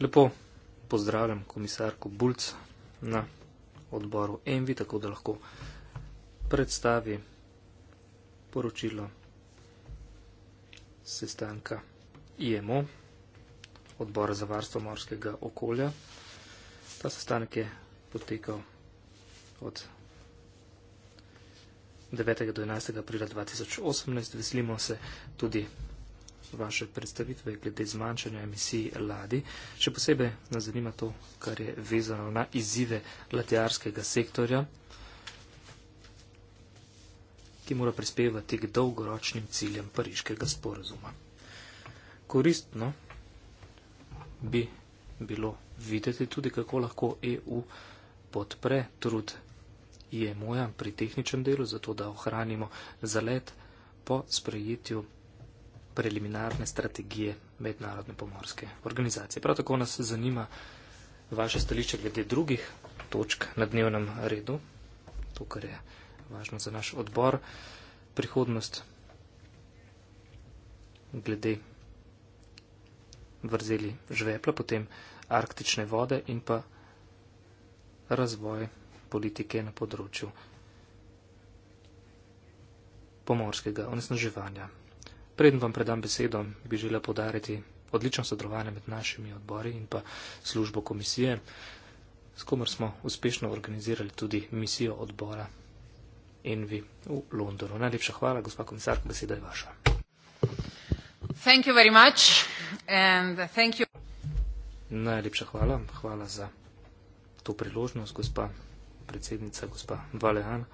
Lepo pozdravljam komisarko Bulc na odboru Envi, tako da lahko predstavi poročilo sestanka IMO, odbora za varstvo morskega okolja. Ta sestanek je potekal od 9. do 11. aprila 2018. Veselimo se tudi vaše predstavitve glede zmanjšanja emisij ladi. Še posebej nas zanima to, kar je vezano na izzive ladjarskega sektorja, ki mora prispevati k dolgoročnim ciljem pariškega sporazuma. Koristno bi bilo videti tudi, kako lahko EU podpre trud IMO-ja e pri tehničnem delu, zato da ohranimo zalet po sprejetju preliminarne strategije mednarodne pomorske organizacije. Prav tako nas zanima vaše stališče glede drugih točk na dnevnem redu, to, kar je važno za naš odbor, prihodnost glede vrzeli žvepla, potem arktične vode in pa razvoj politike na področju pomorskega onesnaževanja. Preden vam predam besedo, bi želel podariti odlično sodelovanje med našimi odbori in pa službo komisije, s komer smo uspešno organizirali tudi misijo odbora Envi v Londonu. Najlepša hvala, gospa komisarka, beseda je vaša. Najlepša hvala, hvala za to priložnost, gospa predsednica, gospa Valehan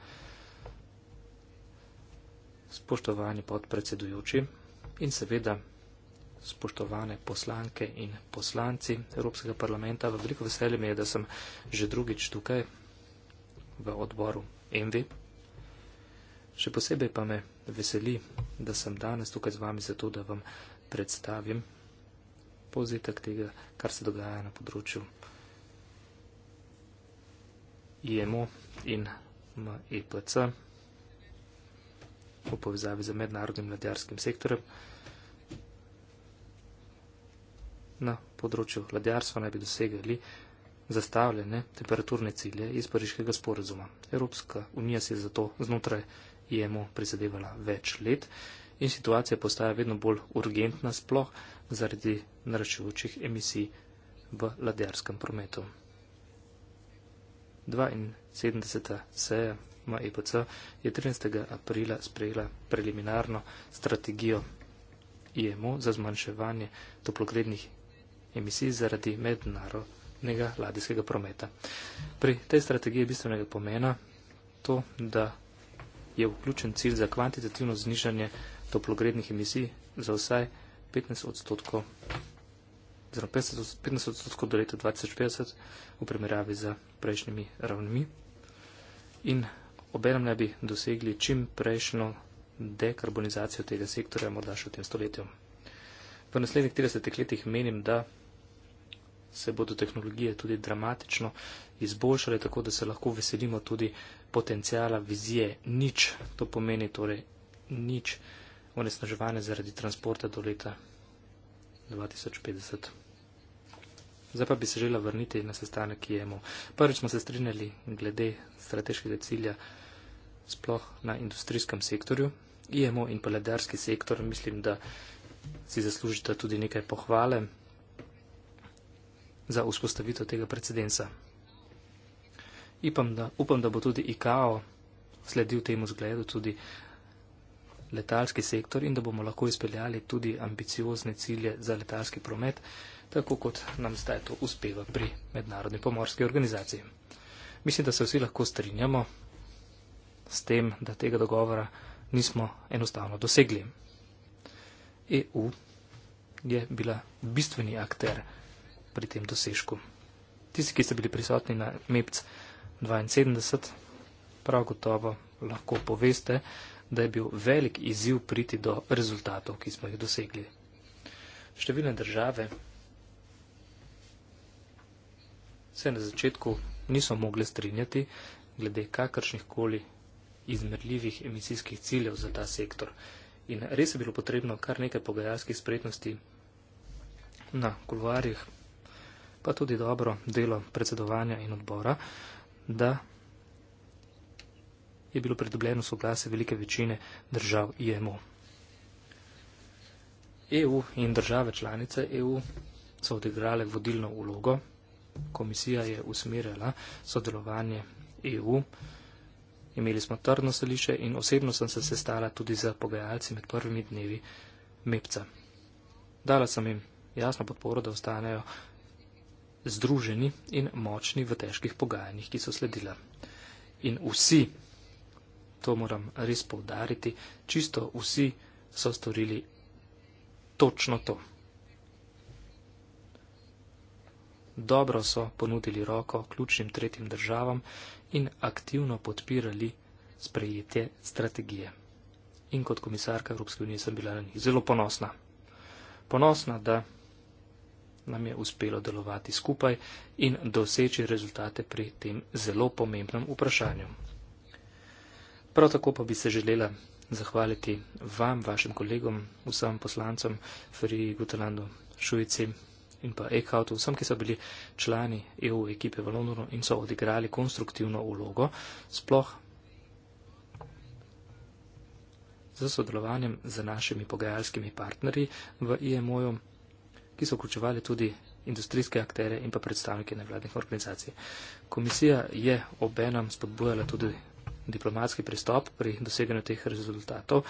spoštovani podpredsedujoči in seveda spoštovane poslanke in poslanci Evropskega parlamenta. V veliko veselje mi je, da sem že drugič tukaj v odboru ENVI. Še posebej pa me veseli, da sem danes tukaj z vami zato, da vam predstavim pozitek tega, kar se dogaja na področju IMO in MEPC v povezavi z mednarodnim ladjarskim sektorem. Na področju ladjarstva naj bi dosegali zastavljene temperaturne cilje iz pariškega sporazuma. Evropska unija se je zato znotraj jemo prizadevala več let in situacija postaja vedno bolj urgentna sploh zaradi naračujočih emisij v ladjarskem prometu. 72. seja Ma IPC e je 13. aprila sprejela preliminarno strategijo IMO za zmanjševanje toplogrednih emisij zaradi mednarodnega ladijskega prometa. Pri tej strategiji je bistvenega pomena to, da je vključen cilj za kvantitativno znižanje toplogrednih emisij za vsaj 15 odstotkov, 15 odstotkov do leta 2050 v primerjavi z prejšnjimi ravnmi. In obenem ne bi dosegli čim prejšnjo dekarbonizacijo tega sektorja, morda še v tem stoletju. V naslednjih 30 letih menim, da se bodo tehnologije tudi dramatično izboljšale, tako da se lahko veselimo tudi potencijala vizije nič. To pomeni torej nič onesnaževanja zaradi transporta do leta 2050. Zdaj pa bi se želela vrniti na sestanek, ki je mu. Prvič smo se strinjali glede strateškega cilja sploh na industrijskem sektorju. IMO in paledarski sektor, mislim, da si zaslužite tudi nekaj pohvale za vzpostavitev tega precedensa. Ipam, da, upam, da bo tudi IKAO sledil temu zgledu tudi letalski sektor in da bomo lahko izpeljali tudi ambiciozne cilje za letalski promet, tako kot nam zdaj to uspeva pri mednarodni pomorski organizaciji. Mislim, da se vsi lahko strinjamo, s tem, da tega dogovora nismo enostavno dosegli. EU je bila bistveni akter pri tem dosežku. Tisti, ki ste bili prisotni na MEPC 72, prav gotovo lahko poveste, da je bil velik izziv priti do rezultatov, ki smo jih dosegli. Številne države se na začetku niso mogle strinjati glede kakršnih koli izmerljivih emisijskih ciljev za ta sektor. In res je bilo potrebno kar nekaj pogajalskih spretnosti na kulvarjih, pa tudi dobro delo predsedovanja in odbora, da je bilo pridobljeno soglase velike večine držav IMO. EU in države članice EU so odigrale vodilno ulogo. Komisija je usmerjala sodelovanje EU. Imeli smo trdno stališče in osebno sem se sestala tudi z pogajalci med prvimi dnevi MEPC-a. Dala sem jim jasno podporo, da ostanejo združeni in močni v težkih pogajanjih, ki so sledila. In vsi, to moram res povdariti, čisto vsi so storili točno to. dobro so ponudili roko ključnim tretjim državam in aktivno podpirali sprejetje strategije. In kot komisarka Evropske unije sem bila na njih zelo ponosna. Ponosna, da nam je uspelo delovati skupaj in doseči rezultate pri tem zelo pomembnem vprašanju. Prav tako pa bi se želela zahvaliti vam, vašim kolegom, vsem poslancem, Feri Gutelandu, Šujici, in pa Ekautu, vsem, ki so bili člani EU ekipe v Londonu in so odigrali konstruktivno vlogo, sploh z sodelovanjem z našimi pogajalskimi partnerji v IMO-ju, e ki so vključevali tudi industrijske aktere in pa predstavnike nevladnih organizacij. Komisija je obenem spodbujala tudi diplomatski pristop pri doseganju teh rezultatov.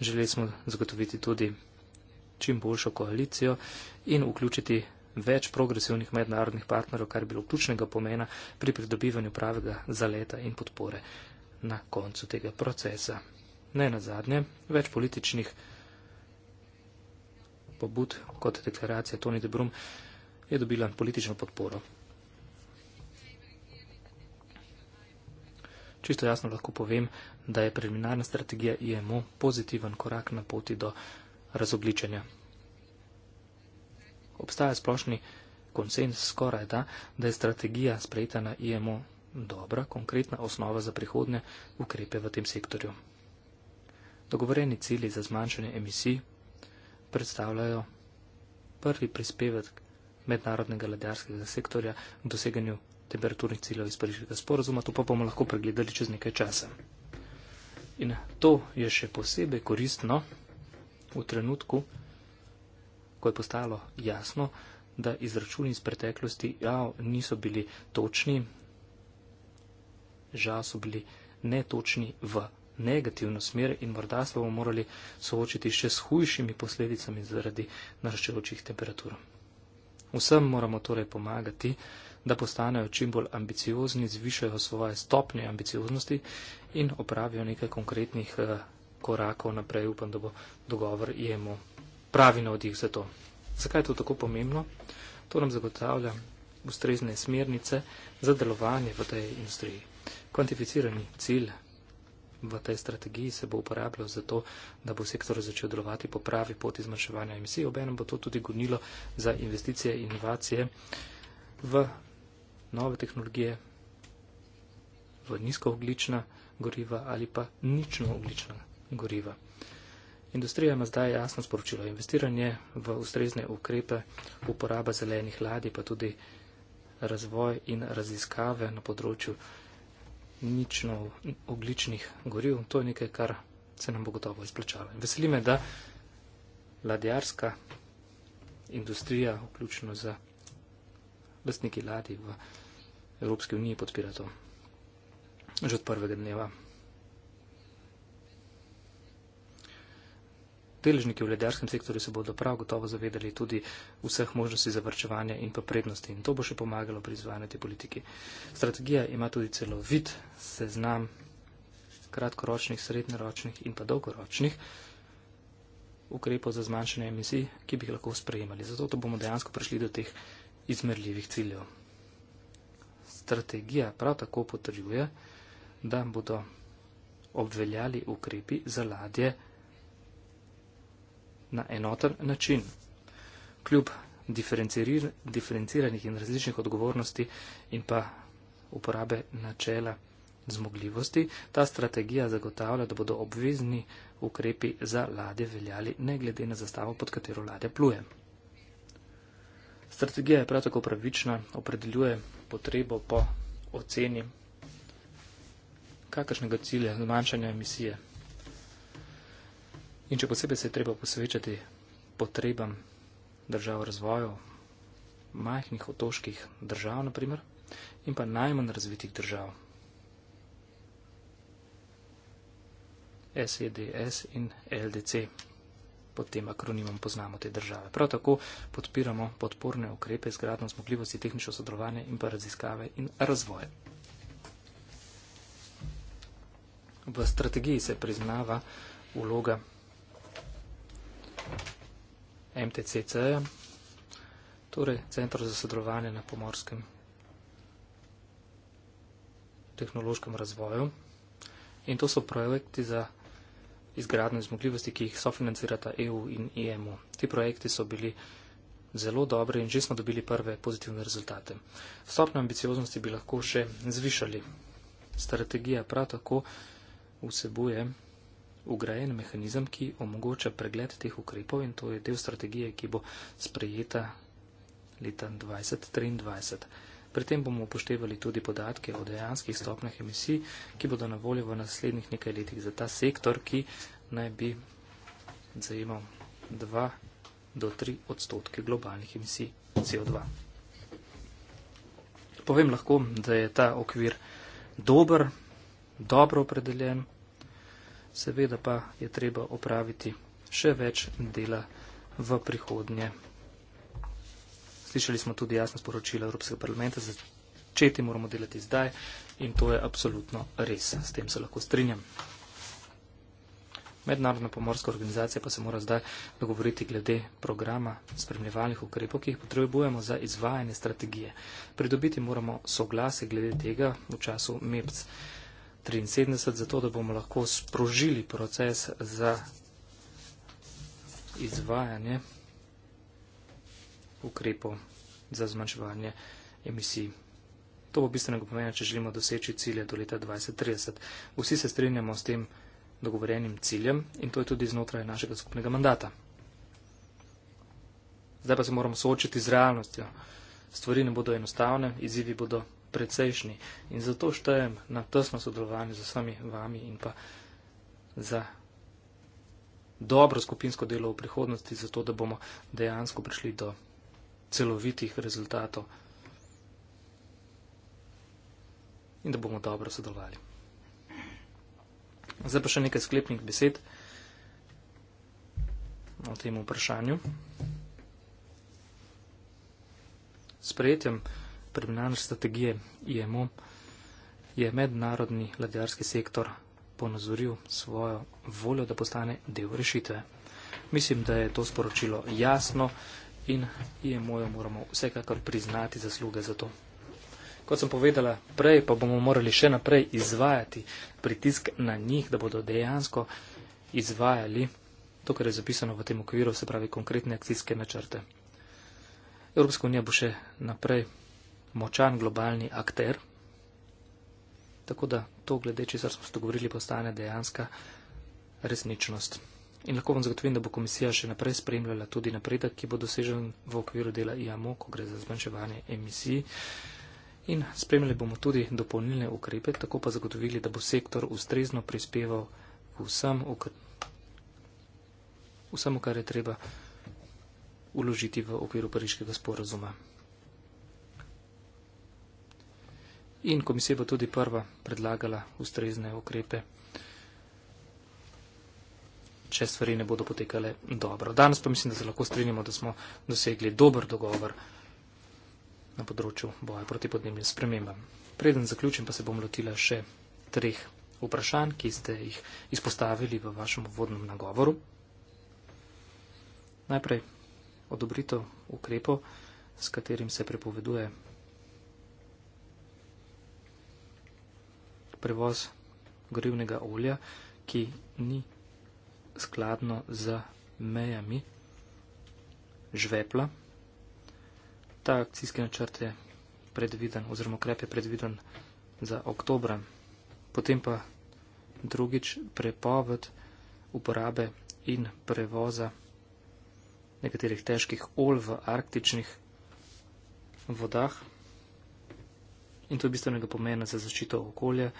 Želeli smo zagotoviti tudi čim boljšo koalicijo in vključiti več progresivnih mednarodnih partnerjev, kar je bilo ključnega pomena pri pridobivanju pravega zaleta in podpore na koncu tega procesa. Ne na zadnje, več političnih pobud kot deklaracija Tony de Brum je dobila politično podporo. Čisto jasno lahko povem, da je preliminarna strategija IMO pozitiven korak na poti do razobličenja obstaja splošni konsens skoraj da, da je strategija sprejeta na IMO dobra, konkretna osnova za prihodne ukrepe v tem sektorju. Dogovoreni cilji za zmanjšanje emisij predstavljajo prvi prispevek mednarodnega ladjarskega sektorja v doseganju temperaturnih ciljev iz Parižnega sporazuma, to pa bomo lahko pregledali čez nekaj časa. In to je še posebej koristno v trenutku, ko je postalo jasno, da izračuni iz preteklosti ja, niso bili točni, žal so bili netočni v negativno smer in morda se bomo morali soočiti še s hujšimi posledicami zaradi naraščajočih temperatur. Vsem moramo torej pomagati, da postanejo čim bolj ambiciozni, zvišajo svoje stopnje ambicioznosti in opravijo nekaj konkretnih eh, korakov naprej. Upam, da bo dogovor jemo pravi navdih za to. Zakaj je to tako pomembno? To nam zagotavlja ustrezne smernice za delovanje v tej industriji. Kvantificirani cilj v tej strategiji se bo uporabljal za to, da bo sektor začel delovati po pravi poti zmanjševanja emisij. Obenem bo to tudi gonilo za investicije in inovacije v nove tehnologije, v nizkooglična goriva ali pa ničnooglična goriva. Industrija ima zdaj jasno sporočilo. Investiranje v ustrezne ukrepe, uporaba zelenih ladij, pa tudi razvoj in raziskave na področju nično ogličnih goril, to je nekaj, kar se nam bo gotovo izplačalo. Veseli me, da ladjarska industrija, vključno z lastniki ladij v Evropski uniji, podpira to že od prvega dneva deležniki v ledarskem sektorju se bodo prav gotovo zavedali tudi vseh možnosti zavrčevanja in pa prednosti. In to bo še pomagalo pri izvajanju te politike. Strategija ima tudi celovit seznam kratkoročnih, srednjeročnih in pa dolgoročnih ukrepov za zmanjšanje emisij, ki bi jih lahko sprejemali. Zato bomo dejansko prišli do teh izmerljivih ciljev. Strategija prav tako potrjuje, da bodo obveljali ukrepi za ladje, na enoten način. Kljub diferenciranih in različnih odgovornosti in pa uporabe načela zmogljivosti, ta strategija zagotavlja, da bodo obvezni ukrepi za ladje veljali ne glede na zastavo, pod katero ladja pluje. Strategija je prav tako pravična, opredeljuje potrebo po oceni kakršnega cilja zmanjšanja emisije In če posebej se je treba posvečati potrebam držav razvoju, majhnih otoških držav, naprimer, in pa najmanj razvitih držav, SEDS e in LDC, pod tem akronimom poznamo te države. Prav tako podpiramo podporne ukrepe z gradno zmogljivosti tehnično sodelovanje in pa raziskave in razvoje. V strategiji se priznava vloga MTCC-ja, torej Centro za sodelovanje na pomorskem tehnološkem razvoju. In to so projekti za izgradno zmogljivosti, ki jih sofinancirata EU in EMU. Ti projekti so bili zelo dobri in že smo dobili prve pozitivne rezultate. Stopno ambicioznosti bi lahko še zvišali. Strategija prav tako vsebuje ugrajen mehanizem, ki omogoča pregled teh ukrepov in to je del strategije, ki bo sprejeta leta 2023. Pri tem bomo upoštevali tudi podatke o dejanskih stopnjah emisij, ki bodo na voljo v naslednjih nekaj letih za ta sektor, ki naj bi zajemal 2 do 3 odstotke globalnih emisij CO2. Povem lahko, da je ta okvir dober, dobro opredeljen, seveda pa je treba opraviti še več dela v prihodnje. Slišali smo tudi jasno sporočilo Evropskega parlamenta, začeti moramo delati zdaj in to je absolutno res. S tem se lahko strinjam. Mednarodna pomorska organizacija pa se mora zdaj dogovoriti glede programa spremljevalnih ukrepov, ki jih potrebujemo za izvajanje strategije. Pridobiti moramo soglase glede tega v času MEPC. 73, zato da bomo lahko sprožili proces za izvajanje ukrepov za zmanjševanje emisij. To bo bistvenega pomena, če želimo doseči cilje do leta 2030. Vsi se strinjamo s tem dogovorenim ciljem in to je tudi znotraj našega skupnega mandata. Zdaj pa se moramo soočiti z realnostjo. Stvari ne bodo enostavne, izzivi bodo precejšnji. In zato štejem na tesno sodelovanje z vsemi vami in pa za dobro skupinsko delo v prihodnosti, zato da bomo dejansko prišli do celovitih rezultatov in da bomo dobro sodelovali. Zdaj pa še nekaj sklepnih besed o tem vprašanju. Sprejetjem spremljanje strategije IMO je mednarodni ladjarski sektor ponazoril svojo voljo, da postane del rešitve. Mislim, da je to sporočilo jasno in IMO jo moramo vsekakor priznati zasluge za to. Kot sem povedala prej, pa bomo morali še naprej izvajati pritisk na njih, da bodo dejansko izvajali to, kar je zapisano v tem okviru, se pravi konkretne akcijske načrte. Evropska unija bo še naprej močan globalni akter. Tako da to, glede česar smo se dogovorili, postane dejanska resničnost. In lahko vam zagotovim, da bo komisija še naprej spremljala tudi napredek, ki bo dosežen v okviru dela IAMO, ko gre za zmanjševanje emisij. In spremljali bomo tudi dopolnilne ukrepe, tako pa zagotovili, da bo sektor ustrezno prispeval vsem, vsem kar je treba uložiti v okviru pariškega sporazuma. in komisija bo tudi prva predlagala ustrezne ukrepe, če stvari ne bodo potekale dobro. Danes pa mislim, da se lahko strinjamo, da smo dosegli dober dogovor na področju boja proti podnebnim spremembam. Preden zaključim, pa se bom lotila še treh vprašanj, ki ste jih izpostavili v vašem uvodnem nagovoru. Najprej odobritev ukrepo, s katerim se prepoveduje prevoz gorivnega olja, ki ni skladno z mejami žvepla. Ta akcijski načrt je predviden oziroma ukrep je predviden za oktober. Potem pa drugič prepoved uporabe in prevoza nekaterih težkih olj v arktičnih vodah in to je bistvenega pomena za zaščito okolja,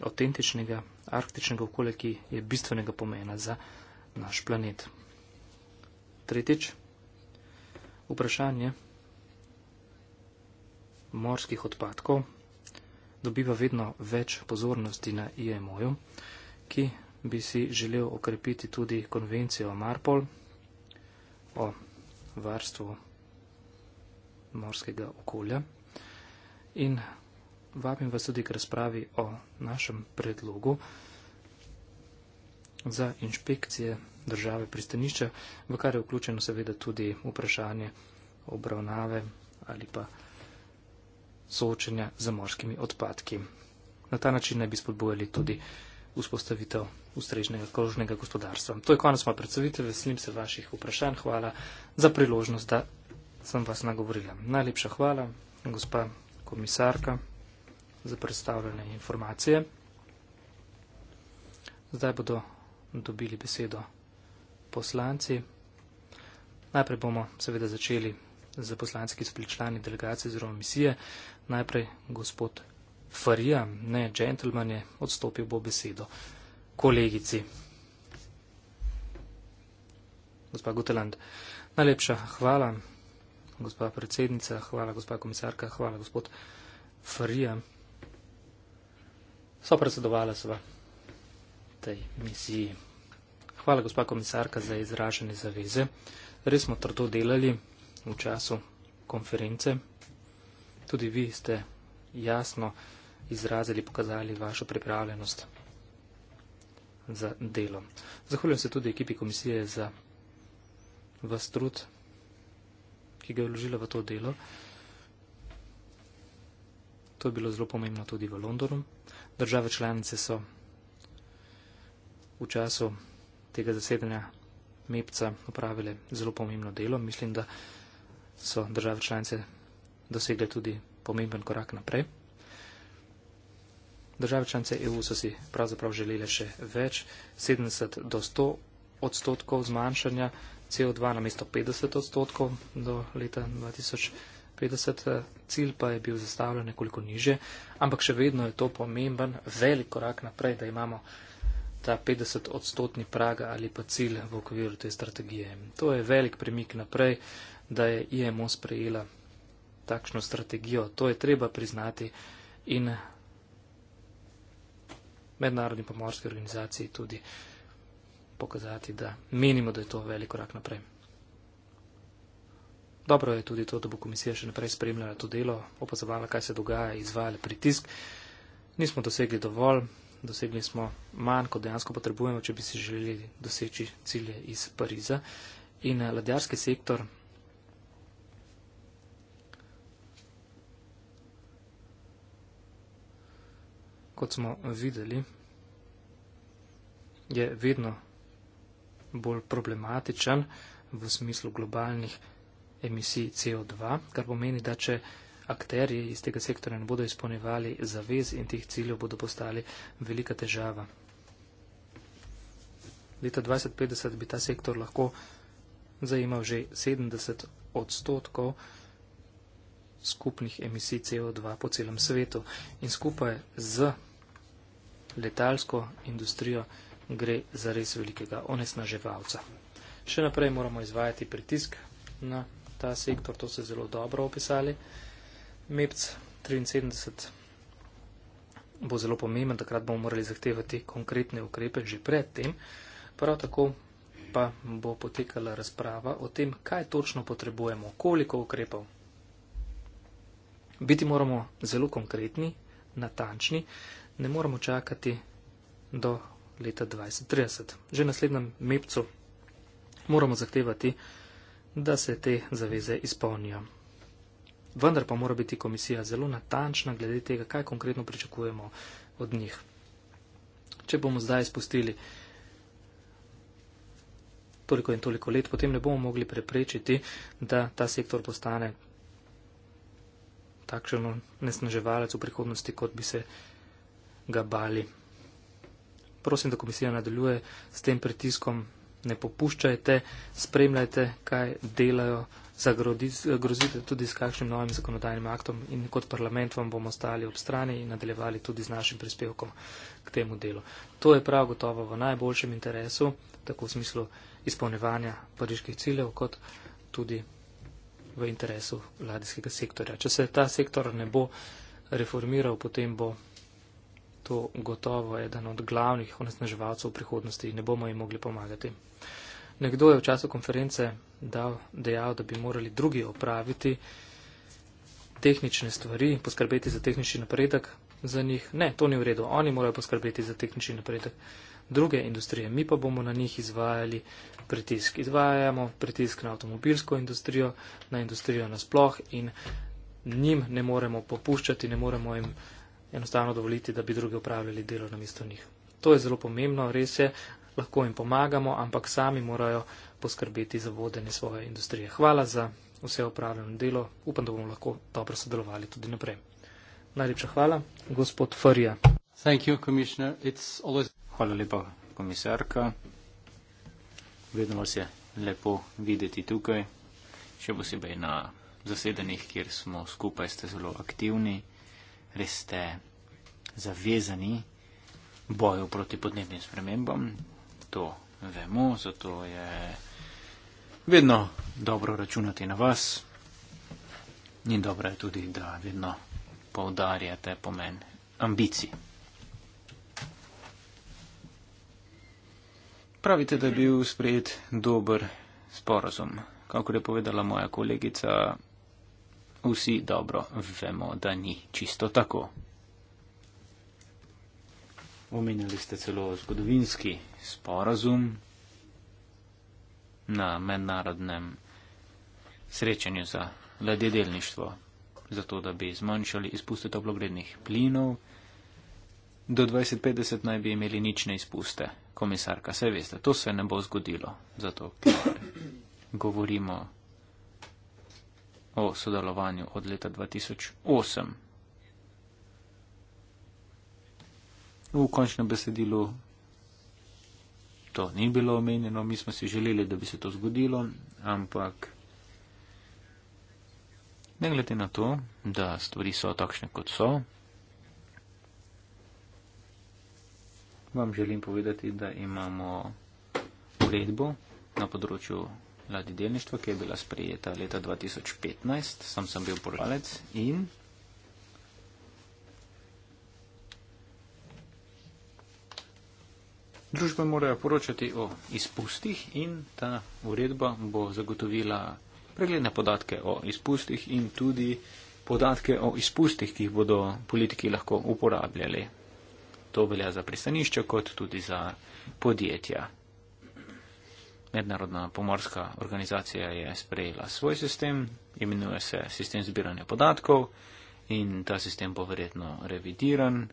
avtentičnega arktičnega okolja, ki je bistvenega pomena za naš planet. Tretjič, vprašanje morskih odpadkov dobiva vedno več pozornosti na IMO-ju, ki bi si želel okrepiti tudi konvencijo o Marpol o varstvu morskega okolja in vabim vas tudi k razpravi o našem predlogu za inšpekcije države pristanišča, v kar je vključeno seveda tudi vprašanje obravnave ali pa soočenja z morskimi odpadki. Na ta način naj bi spodbojali tudi vzpostavitev ustrežnega krožnega gospodarstva. To je konec moja predstavitev, veselim se vaših vprašanj, hvala za priložnost, da sem vas nagovorila. Najlepša hvala, gospa komisarka za predstavljene informacije. Zdaj bodo dobili besedo poslanci. Najprej bomo seveda začeli za poslanci, ki so bili člani delegacije oziroma misije. Najprej gospod Farija, ne džentelman je, odstopil bo besedo kolegici. Gospa Guteland, najlepša hvala gospa predsednica, hvala gospa komisarka, hvala gospod Farija. So predsedovala sva tej misiji. Hvala gospa komisarka za izražene zaveze. Res smo trdo delali v času konference. Tudi vi ste jasno izrazili, pokazali vašo pripravljenost za delo. Zahvaljujem se tudi ekipi komisije za vas trud ki ga je vložila v to delo. To je bilo zelo pomembno tudi v Londonu. Države članice so v času tega zasedanja MEPC-a upravile zelo pomembno delo. Mislim, da so države članice dosegle tudi pomemben korak naprej. Države članice EU so si pravzaprav želele še več, 70 do 100 odstotkov zmanjšanja CO2 na mesto 50 odstotkov do leta 2050. Eh, cilj pa je bil zastavljen nekoliko niže, ampak še vedno je to pomemben velik korak naprej, da imamo ta 50 odstotni praga ali pa cilj v okviru te strategije. To je velik premik naprej, da je IMO sprejela takšno strategijo. To je treba priznati in mednarodni pomorski organizaciji tudi pokazati, da menimo, da je to velik korak naprej. Dobro je tudi to, da bo komisija še naprej spremljala to delo, opazovala, kaj se dogaja, izvajala pritisk. Nismo dosegli dovolj, dosegli smo manj, kot dejansko potrebujemo, če bi si želeli doseči cilje iz Pariza. In eh, ladjarski sektor. Kot smo videli, je vedno bolj problematičen v smislu globalnih emisij CO2, kar pomeni, da če akterji iz tega sektora ne bodo izpolnjevali zavez in teh ciljev, bodo postali velika težava. Leta 2050 bi ta sektor lahko zajemal že 70 odstotkov skupnih emisij CO2 po celem svetu in skupaj z letalsko industrijo gre za res velikega onesnaževalca. Še naprej moramo izvajati pritisk na ta sektor, to ste zelo dobro opisali. MEPC 73 bo zelo pomemben, takrat bomo morali zahtevati konkretne ukrepe že predtem. Prav tako pa bo potekala razprava o tem, kaj točno potrebujemo, koliko ukrepov. Biti moramo zelo konkretni, natančni, ne moramo čakati do leta 2030. Že v naslednjem mepcu moramo zahtevati, da se te zaveze izpolnijo. Vendar pa mora biti komisija zelo natančna glede tega, kaj konkretno pričakujemo od njih. Če bomo zdaj spustili toliko in toliko let, potem ne bomo mogli preprečiti, da ta sektor postane takšen nesnaževalec v prihodnosti, kot bi se ga bali prosim, da komisija nadaljuje s tem pritiskom, ne popuščajte, spremljajte, kaj delajo, zagrozite tudi s kakšnim novim zakonodajnim aktom in kot parlament vam bomo stali ob strani in nadaljevali tudi z našim prispevkom k temu delu. To je prav gotovo v najboljšem interesu, tako v smislu izpolnevanja pariških ciljev, kot tudi v interesu vladijskega sektorja. Če se ta sektor ne bo reformiral, potem bo to gotovo eden od glavnih onesnaževalcev v prihodnosti in ne bomo jim mogli pomagati. Nekdo je v času konference dal, dejal, da bi morali drugi opraviti tehnične stvari, poskrbeti za tehnični napredek za njih. Ne, to ni v redu. Oni morajo poskrbeti za tehnični napredek druge industrije. Mi pa bomo na njih izvajali pritisk. Izvajamo pritisk na avtomobilsko industrijo, na industrijo nasploh in njim ne moremo popuščati, ne moremo jim enostavno dovoliti, da bi drugi upravljali delo na mesto njih. To je zelo pomembno, res je, lahko jim pomagamo, ampak sami morajo poskrbeti za vodene svoje industrije. Hvala za vse upravljeno delo, upam, da bomo lahko dobro sodelovali tudi naprej. Najlepša hvala, gospod Farija. Always... Hvala lepa, komisarka. Vedno vas je lepo videti tukaj, še posebej na zasedanjih, kjer smo skupaj, ste zelo aktivni res ste zavezani boju proti podnebnim spremembam. To vemo, zato je vedno dobro računati na vas. In dobro je tudi, da vedno poudarjate pomen ambicij. Pravite, da je bil sprejet dober sporozum. Kakor je povedala moja kolegica, vsi dobro vemo, da ni čisto tako. Omenjali ste celo zgodovinski sporazum na mednarodnem srečanju za ledjedelništvo, zato da bi zmanjšali izpuste toplogrednih plinov. Do 2050 naj bi imeli nične izpuste, komisarka, se veste, to se ne bo zgodilo, zato ker govorimo o sodelovanju od leta 2008. V končnem besedilu to ni bilo omenjeno, mi smo si želeli, da bi se to zgodilo, ampak ne glede na to, da stvari so takšne, kot so, vam želim povedati, da imamo uredbo na področju ladjedelništva, ki je bila sprejeta leta 2015, sam sem bil poročalec in družbe morajo poročati o izpustih in ta uredba bo zagotovila pregledne podatke o izpustih in tudi podatke o izpustih, ki jih bodo politiki lahko uporabljali. To velja za pristanišče, kot tudi za podjetja mednarodna pomorska organizacija je sprejela svoj sistem, imenuje se sistem zbiranja podatkov in ta sistem bo verjetno revidiran,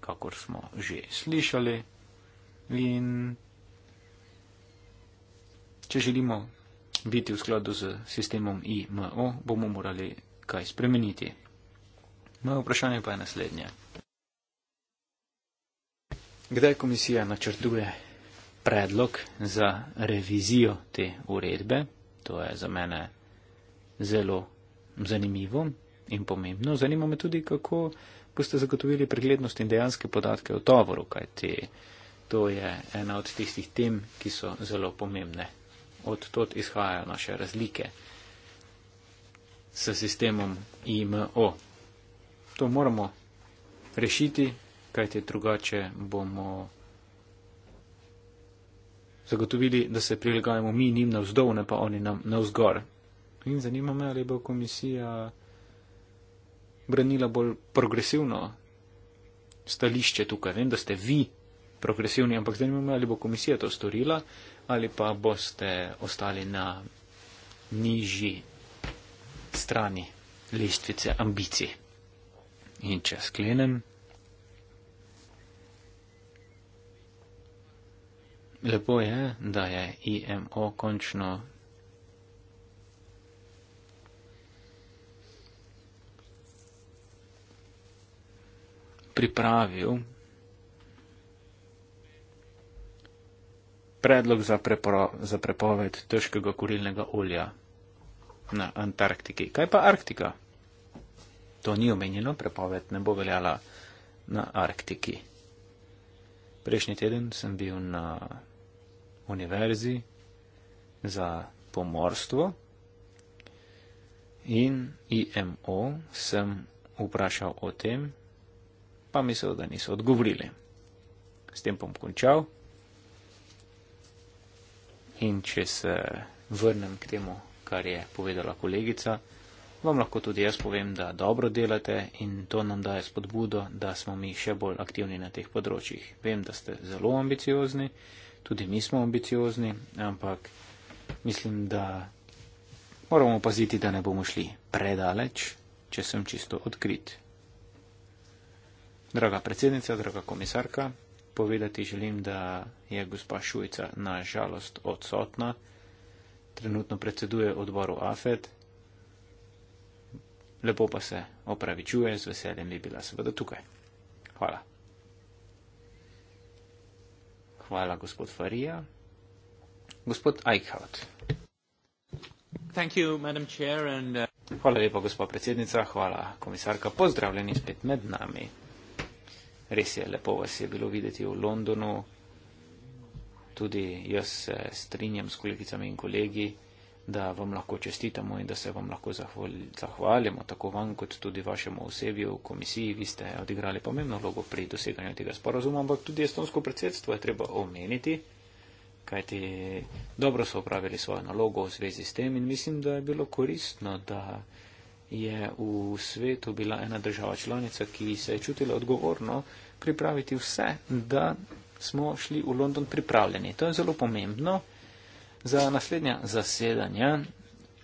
kakor smo že slišali. In če želimo biti v skladu z sistemom IMO, bomo morali kaj spremeniti. Moje vprašanje pa je naslednje. Kdaj komisija načrtuje predlog za revizijo te uredbe. To je za mene zelo zanimivo in pomembno. Zanima me tudi, kako boste zagotovili preglednost in dejanske podatke o tovoru, kajti to je ena od tistih tem, ki so zelo pomembne. Od tod izhajajo naše razlike s sistemom IMO. To moramo rešiti, kajte drugače bomo zagotovili, da se prilagajamo mi njim na vzdol, ne pa oni nam na vzgor. In zanima me, ali bo komisija branila bolj progresivno stališče tukaj. Vem, da ste vi progresivni, ampak zanima me, ali bo komisija to storila, ali pa boste ostali na nižji strani lestvice ambicij. In če sklenem. Lepo je, da je IMO končno pripravil predlog za, prepro, za prepoved težkega kurilnega olja na Antarktiki. Kaj pa Arktika? To ni omenjeno, prepoved ne bo veljala na Arktiki. Prejšnji teden sem bil na univerzi za pomorstvo in IMO sem vprašal o tem, pa mislil, da niso odgovorili. S tem bom končal. In če se vrnem k temu, kar je povedala kolegica, vam lahko tudi jaz povem, da dobro delate in to nam daje spodbudo, da smo mi še bolj aktivni na teh področjih. Vem, da ste zelo ambiciozni tudi mi smo ambiciozni, ampak mislim, da moramo paziti, da ne bomo šli predaleč, če sem čisto odkrit. Draga predsednica, draga komisarka, povedati želim, da je gospa Šujca na žalost odsotna. Trenutno predseduje odboru AFED. Lepo pa se opravičuje, z veseljem bi bila seveda tukaj. Hvala. Hvala, gospod Farija. Gospod Eichhardt. Uh, Hvala lepa, gospod predsednica. Hvala, komisarka. Pozdravljeni spet med nami. Res je, lepo vas je bilo videti v Londonu. Tudi jaz se strinjam s kolegicami in kolegi, da vam lahko čestitamo in da se vam lahko zahvalimo, tako vam kot tudi vašemu osebju v komisiji. Vi ste odigrali pomembno vlogo pri doseganju tega sporazuma, ampak tudi estonsko predsedstvo je treba omeniti, kajti dobro so upravili svojo nalogo v zvezi s tem in mislim, da je bilo koristno, da je v svetu bila ena država članica, ki se je čutila odgovorno pripraviti vse, da smo šli v London pripravljeni. To je zelo pomembno za naslednja zasedanja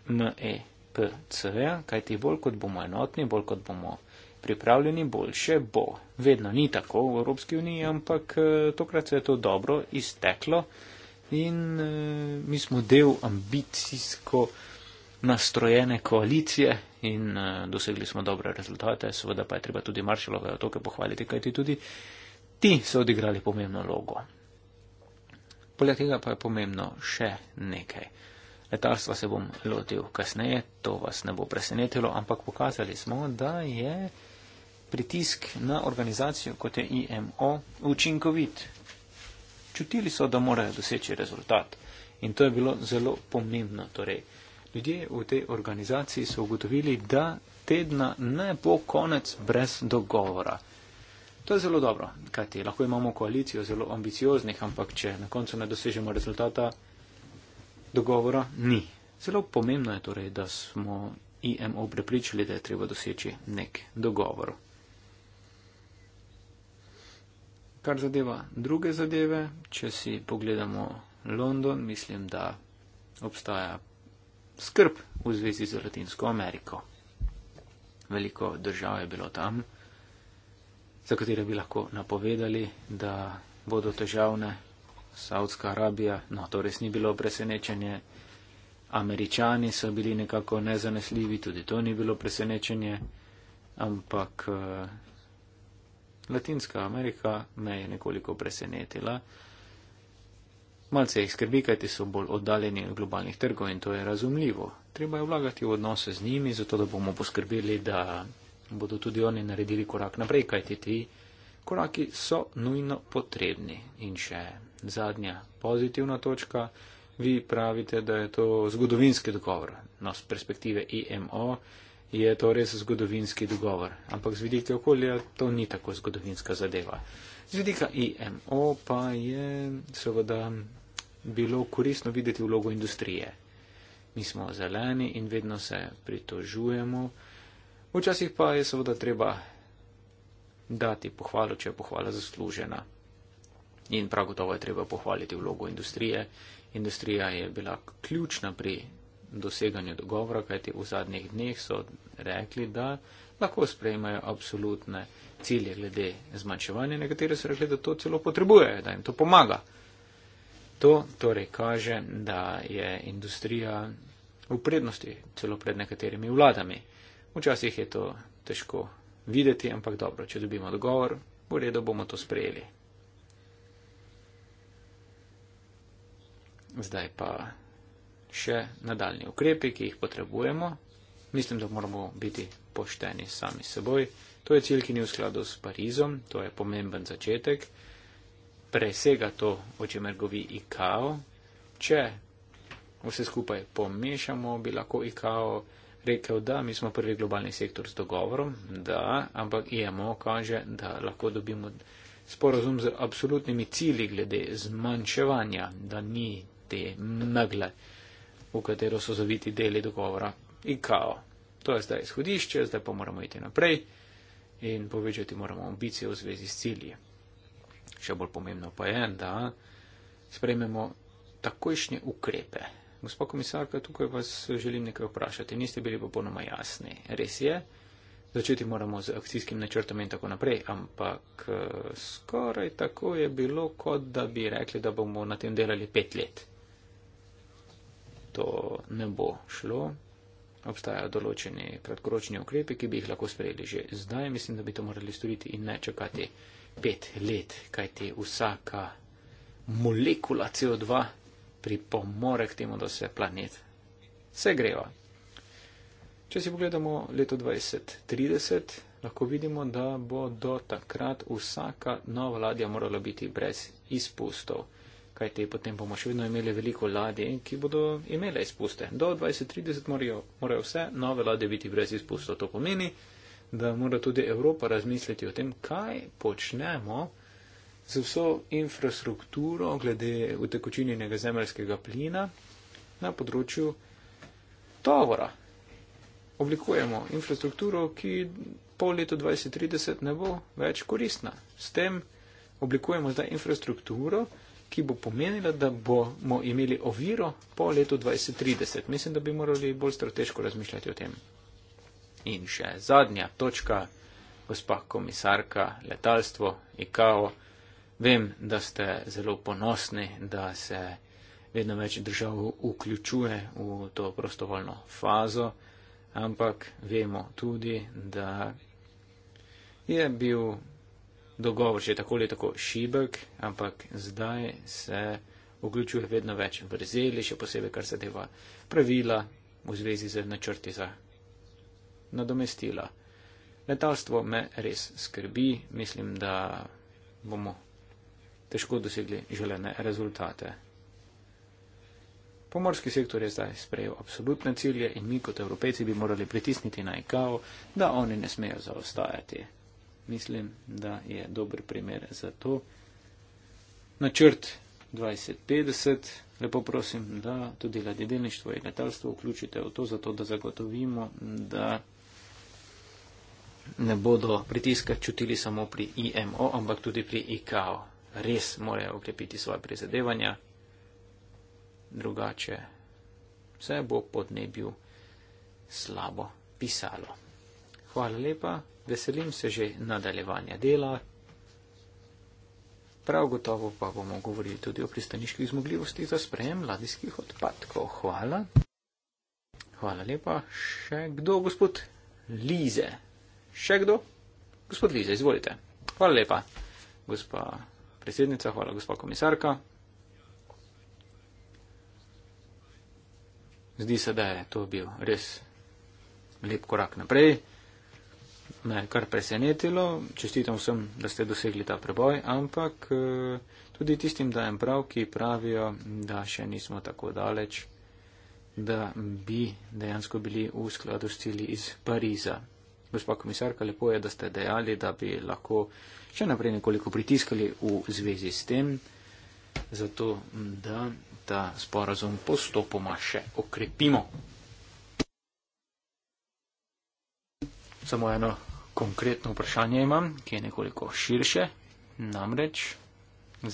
MEPC-ja, kajti bolj kot bomo enotni, bolj kot bomo pripravljeni, boljše bo. Vedno ni tako v Evropski uniji, ampak eh, tokrat se je to dobro izteklo in eh, mi smo del ambicijsko nastrojene koalicije in eh, dosegli smo dobre rezultate, seveda pa je treba tudi Maršalove otoke pohvaliti, kajti tudi ti so odigrali pomembno logo. Poleg tega pa je pomembno še nekaj. Letalstva se bom lotil kasneje, to vas ne bo presenetilo, ampak pokazali smo, da je pritisk na organizacijo kot je IMO učinkovit. Čutili so, da morajo doseči rezultat in to je bilo zelo pomembno. Torej, ljudje v tej organizaciji so ugotovili, da tedna ne bo konec brez dogovora. To je zelo dobro, kajti lahko imamo koalicijo zelo ambicioznih, ampak če na koncu ne dosežemo rezultata dogovora, ni. Zelo pomembno je torej, da smo IMO prepričali, da je treba doseči nek dogovor. Kar zadeva druge zadeve, če si pogledamo London, mislim, da obstaja skrb v zvezi z Latinsko Ameriko. Veliko držav je bilo tam za katere bi lahko napovedali, da bodo težavne. Saudska Arabija, no to res ni bilo presenečenje. Američani so bili nekako nezanesljivi, tudi to ni bilo presenečenje. Ampak eh, Latinska Amerika me je nekoliko presenetila. Malce jih skrbi, kajti so bolj oddaljeni od globalnih trgov in to je razumljivo. Treba je vlagati v odnose z njimi, zato da bomo poskrbeli, da bodo tudi oni naredili korak naprej, kajti ti koraki so nujno potrebni. In še zadnja pozitivna točka. Vi pravite, da je to zgodovinski dogovor. No, z perspektive IMO je to res zgodovinski dogovor. Ampak z vidika okolja to ni tako zgodovinska zadeva. Z vidika IMO pa je seveda bilo korisno videti vlogo industrije. Mi smo zeleni in vedno se pritožujemo, Včasih pa je seveda treba dati pohvalo, če je pohvala zaslužena. In prav gotovo je treba pohvaliti vlogo industrije. Industrija je bila ključna pri doseganju dogovora, kajti v zadnjih dneh so rekli, da lahko sprejmejo absolutne cilje glede zmanjševanja. Nekateri so rekli, da to celo potrebujejo, da jim to pomaga. To torej kaže, da je industrija v prednosti celo pred nekaterimi vladami. Včasih je to težko videti, ampak dobro, če dobimo odgovor, v redu bomo to sprejeli. Zdaj pa še nadaljni ukrepi, ki jih potrebujemo. Mislim, da moramo biti pošteni sami seboj. To je cilj, ki ni v skladu s Parizom, to je pomemben začetek. Presega to, o čemer govi IKO. Če vse skupaj pomešamo, bi lahko IKO rekel, da mi smo prvi globalni sektor z dogovorom, da, ampak IMO kaže, da lahko dobimo sporozum z absolutnimi cili glede zmanjševanja, da ni te megle, v katero so zaviti deli dogovora in kao. To je zdaj izhodišče, zdaj pa moramo iti naprej in povečati moramo ambicije v zvezi s cilji. Še bolj pomembno pa je, da sprejmemo takojšnje ukrepe, Gospod komisarka, tukaj vas želim nekaj vprašati. Niste bili popolnoma jasni. Res je, začeti moramo z akcijskim načrtom in tako naprej, ampak eh, skoraj tako je bilo, kot da bi rekli, da bomo na tem delali pet let. To ne bo šlo. Obstajajo določeni kratkoročni ukrepi, ki bi jih lahko sprejeli že zdaj. Mislim, da bi to morali storiti in ne čakati pet let, kajti vsaka molekula CO2 pripomore k temu, da se planet segreva. Če si pogledamo leto 2030, lahko vidimo, da bo do takrat vsaka nova ladja morala biti brez izpustov. Kajte, potem bomo še vedno imeli veliko ladje, ki bodo imele izpuste. Do 2030 morajo, morajo vse nove ladje biti brez izpustov. To pomeni, da mora tudi Evropa razmisliti o tem, kaj počnemo z vso infrastrukturo glede utekočinjenega zemljskega plina na področju tovora. Oblikujemo infrastrukturo, ki po letu 2030 ne bo več koristna. S tem oblikujemo zdaj infrastrukturo, ki bo pomenila, da bomo imeli oviro po letu 2030. Mislim, da bi morali bolj strateško razmišljati o tem. In še zadnja točka, gospa komisarka, letalstvo, ikao. Vem, da ste zelo ponosni, da se vedno več držav vključuje v to prostovoljno fazo, ampak vemo tudi, da je bil dogovor že tako ali tako šibek, ampak zdaj se vključuje vedno več vrzeli, še posebej kar zadeva pravila v zvezi z načrti za nadomestila. Letalstvo me res skrbi, mislim, da bomo težko dosegli želene rezultate. Pomorski sektor je zdaj sprejel absolutne cilje in mi kot evropejci bi morali pritisniti na IKO, da oni ne smejo zaostajati. Mislim, da je dober primer za to. Načrt 2050, lepo prosim, da tudi ladjedelništvo in letalstvo vključite v to, zato da zagotovimo, da ne bodo pritiska čutili samo pri IMO, ampak tudi pri IKO res morajo okrepiti svoje prizadevanja, drugače se bo pod nebju slabo pisalo. Hvala lepa, veselim se že nadaljevanja dela. Prav gotovo pa bomo govorili tudi o pristaniških zmogljivosti za sprejem ladijskih odpadkov. Hvala. Hvala lepa. Še kdo, gospod Lize? Še kdo? Gospod Lize, izvolite. Hvala lepa, gospa predsednica, hvala gospod komisarka. Zdi se, da je to bil res lep korak naprej. Me je kar presenetilo, čestitam vsem, da ste dosegli ta preboj, ampak eh, tudi tistim dajem prav, ki pravijo, da še nismo tako daleč, da bi dejansko bili v skladu s cilji iz Pariza. Gospa komisarka, lepo je, da ste dejali, da bi lahko še naprej nekoliko pritiskali v zvezi s tem, zato da ta sporazum postopoma še okrepimo. Samo eno konkretno vprašanje imam, ki je nekoliko širše. Namreč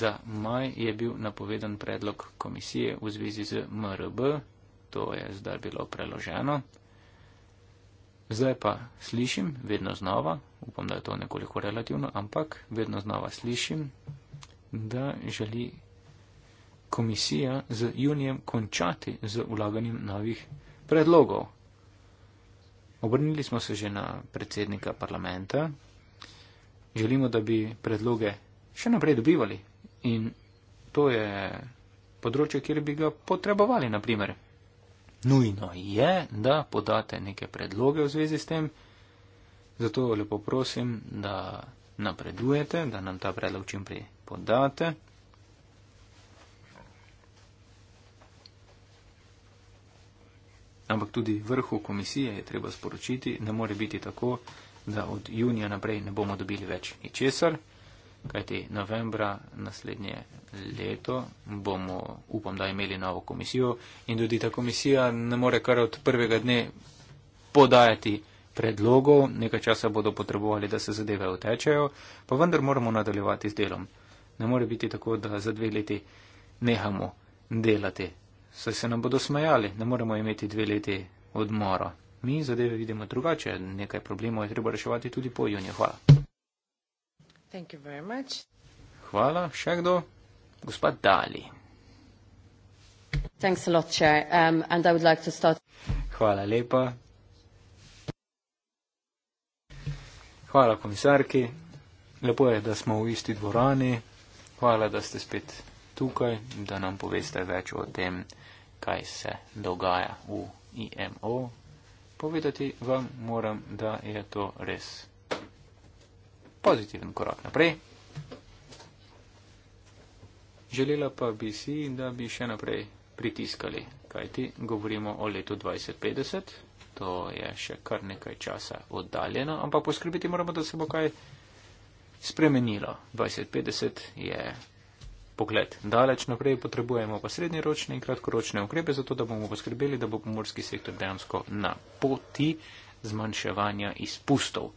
za maj je bil napovedan predlog komisije v zvezi z MRB, to je zdaj bilo preloženo, Zdaj pa slišim, vedno znova, upam, da je to nekoliko relativno, ampak vedno znova slišim, da želi komisija z junijem končati z vlaganjem novih predlogov. Obrnili smo se že na predsednika parlamenta. Želimo, da bi predloge še naprej dobivali in to je področje, kjer bi ga potrebovali, naprimer nujno je, da podate neke predloge v zvezi s tem. Zato lepo prosim, da napredujete, da nam ta predlog čim prej podate. Ampak tudi vrhu komisije je treba sporočiti, ne more biti tako, da od junija naprej ne bomo dobili več ničesar kajti novembra naslednje leto bomo, upam, da imeli novo komisijo in tudi ta komisija ne more kar od prvega dne podajati predlogov, nekaj časa bodo potrebovali, da se zadeve utečejo, pa vendar moramo nadaljevati z delom. Ne more biti tako, da za dve leti nehamo delati, saj se nam bodo smejali, ne moremo imeti dve leti odmora. Mi zadeve vidimo drugače, nekaj problemov je treba reševati tudi po junju. Hvala. Hvala. Še kdo? Gospa Dali. Lot, um, like start... Hvala lepa. Hvala komisarki. Lepo je, da smo v isti dvorani. Hvala, da ste spet tukaj, da nam poveste več o tem, kaj se dogaja v IMO. Povedati vam moram, da je to res pozitiven korak naprej. Želela pa bi si, da bi še naprej pritiskali, kajti govorimo o letu 2050, to je še kar nekaj časa oddaljeno, ampak poskrbiti moramo, da se bo kaj spremenilo. 2050 je pogled daleč naprej, potrebujemo pa srednjeročne in kratkoročne ukrepe, zato da bomo poskrbeli, da bo pomorski sektor dejansko na poti zmanjševanja izpustov.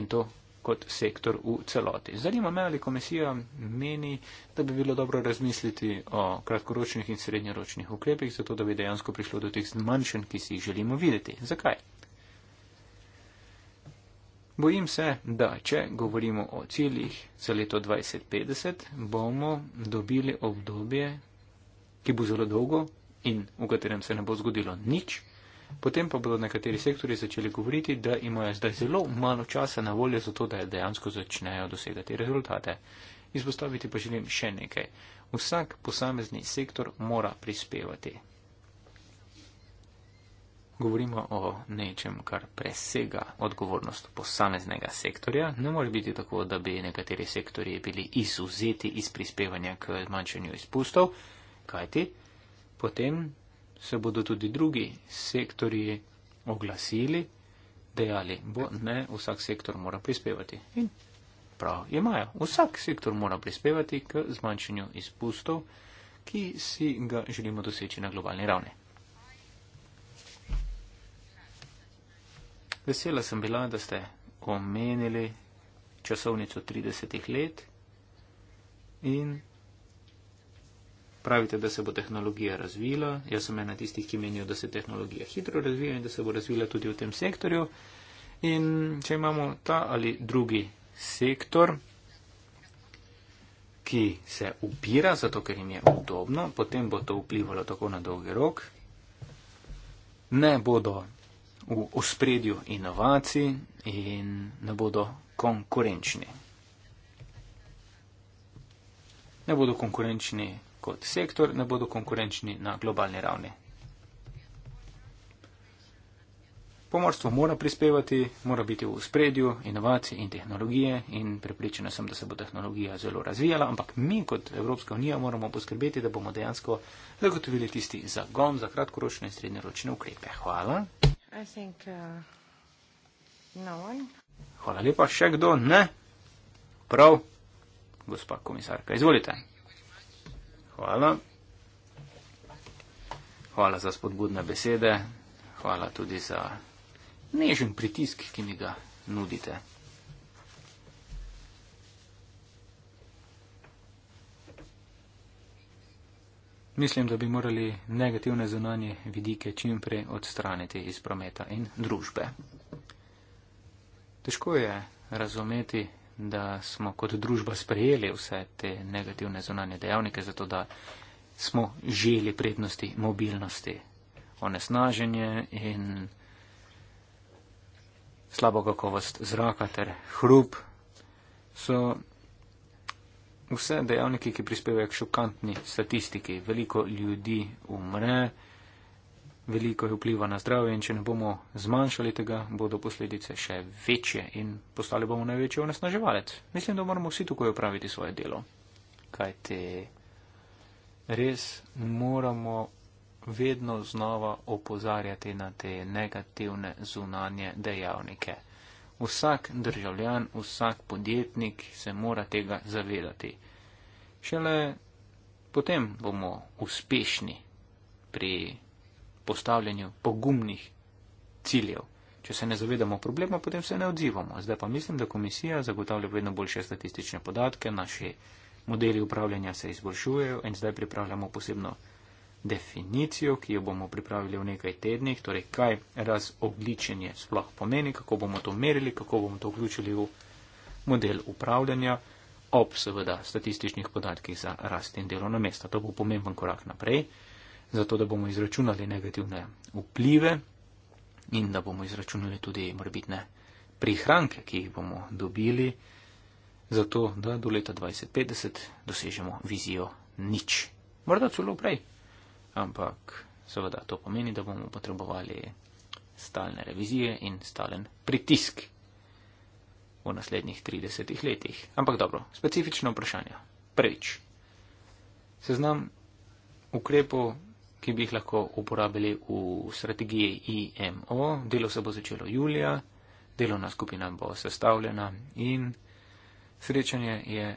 In to kot sektor v celoti. Zanima me, ali komisija meni, da bi bilo dobro razmisliti o kratkoročnih in srednjeročnih ukrepih, zato da bi dejansko prišlo do teh zmanjšanj, ki si jih želimo videti. Zakaj? Bojim se, da če govorimo o ciljih za leto 2050, bomo dobili obdobje, ki bo zelo dolgo in v katerem se ne bo zgodilo nič, Potem pa bodo nekateri sektori začeli govoriti, da imajo zdaj zelo malo časa na voljo za to, da dejansko začnejo dosegati rezultate. Izpostaviti pa želim še nekaj. Vsak posamezni sektor mora prispevati. Govorimo o nečem, kar presega odgovornost posameznega sektorja. Ne more biti tako, da bi nekateri sektori bili izuzeti iz prispevanja k zmanjšanju izpustov, kajti potem se bodo tudi drugi sektori oglasili, dejali, bo ne, vsak sektor mora prispevati. In prav imajo. Vsak sektor mora prispevati k zmanjšanju izpustov, ki si ga želimo doseči na globalni ravni. Vesela sem bila, da ste omenili časovnico 30 let in pravite, da se bo tehnologija razvila. Jaz sem ena tistih, ki menijo, da se tehnologija hitro razvija in da se bo razvila tudi v tem sektorju. In če imamo ta ali drugi sektor, ki se upira, zato ker jim je udobno, potem bo to vplivalo tako na dolgi rok. Ne bodo v ospredju inovacij in ne bodo konkurenčni. Ne bodo konkurenčni kot sektor ne bodo konkurenčni na globalni ravni. Pomorstvo mora prispevati, mora biti v spredju inovacij in tehnologije in prepričana sem, da se bo tehnologija zelo razvijala, ampak mi kot Evropska unija moramo poskrbeti, da bomo dejansko zagotovili tisti zagon za kratkoročne in srednjeročne ukrepe. Hvala. Think, uh, no Hvala lepa. Še kdo? Ne? Prav, gospa komisarka, izvolite. Hvala. Hvala za spodbudne besede. Hvala tudi za nežen pritisk, ki mi ga nudite. Mislim, da bi morali negativne zunanje vidike čim prej odstraniti iz prometa in družbe. Težko je razumeti da smo kot družba sprejeli vse te negativne zunanje dejavnike, zato da smo želi prednosti mobilnosti, onesnaženje in slabo kakovost zraka ter hrup so vse dejavniki, ki prispevajo k šokantni statistiki. Veliko ljudi umre veliko je vpliva na zdravje in če ne bomo zmanjšali tega, bodo posledice še večje in postali bomo največji onesnaževalec. Mislim, da moramo vsi tukaj upraviti svoje delo. Kaj te res moramo vedno znova opozarjati na te negativne zunanje dejavnike. Vsak državljan, vsak podjetnik se mora tega zavedati. Šele potem bomo uspešni pri postavljanju pogumnih ciljev. Če se ne zavedamo problema, potem se ne odzivamo. Zdaj pa mislim, da komisija zagotavlja vedno boljše statistične podatke, naši modeli upravljanja se izboljšujejo in zdaj pripravljamo posebno definicijo, ki jo bomo pripravili v nekaj tednih, torej kaj razogličenje sploh pomeni, kako bomo to merili, kako bomo to vključili v model upravljanja, ob seveda statističnih podatkih za rast in delovno mesto. To bo pomemben korak naprej zato da bomo izračunali negativne vplive in da bomo izračunali tudi morbitne prihranke, ki jih bomo dobili, zato da do leta 2050 dosežemo vizijo nič. Morda celo prej, ampak seveda to pomeni, da bomo potrebovali stalne revizije in stalen pritisk v naslednjih 30 letih. Ampak dobro, specifično vprašanje. Prvič. Seznam ukrepov ki bi jih lahko uporabili v strategiji IMO. Delo se bo začelo julija, delovna skupina bo sestavljena in srečanje je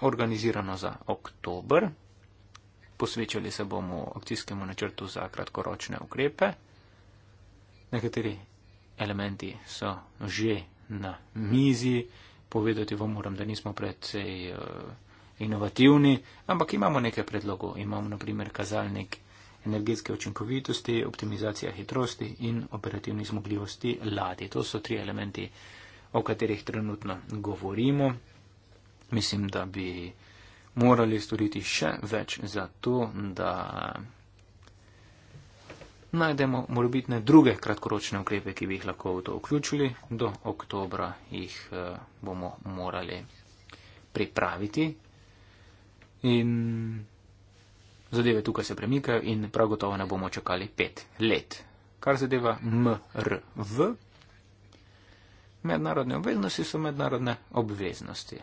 organizirano za oktober. Posvečali se bomo akcijskemu načrtu za kratkoročne ukrepe. Nekateri elementi so že na mizi. Povedati vam moram, da nismo predvsej. Uh, eh, inovativni, ampak imamo nekaj predlogov. Imamo naprimer kazalnik energetske učinkovitosti, optimizacija hitrosti in operativni zmogljivosti ladi. To so tri elementi, o katerih trenutno govorimo. Mislim, da bi morali storiti še več za to, da najdemo morbitne druge kratkoročne ukrepe, ki bi jih lahko v to vključili. Do oktobra jih eh, bomo morali pripraviti, In zadeve tukaj se premikajo in prav gotovo ne bomo čakali pet let. Kar zadeva MRV, mednarodne obveznosti so mednarodne obveznosti.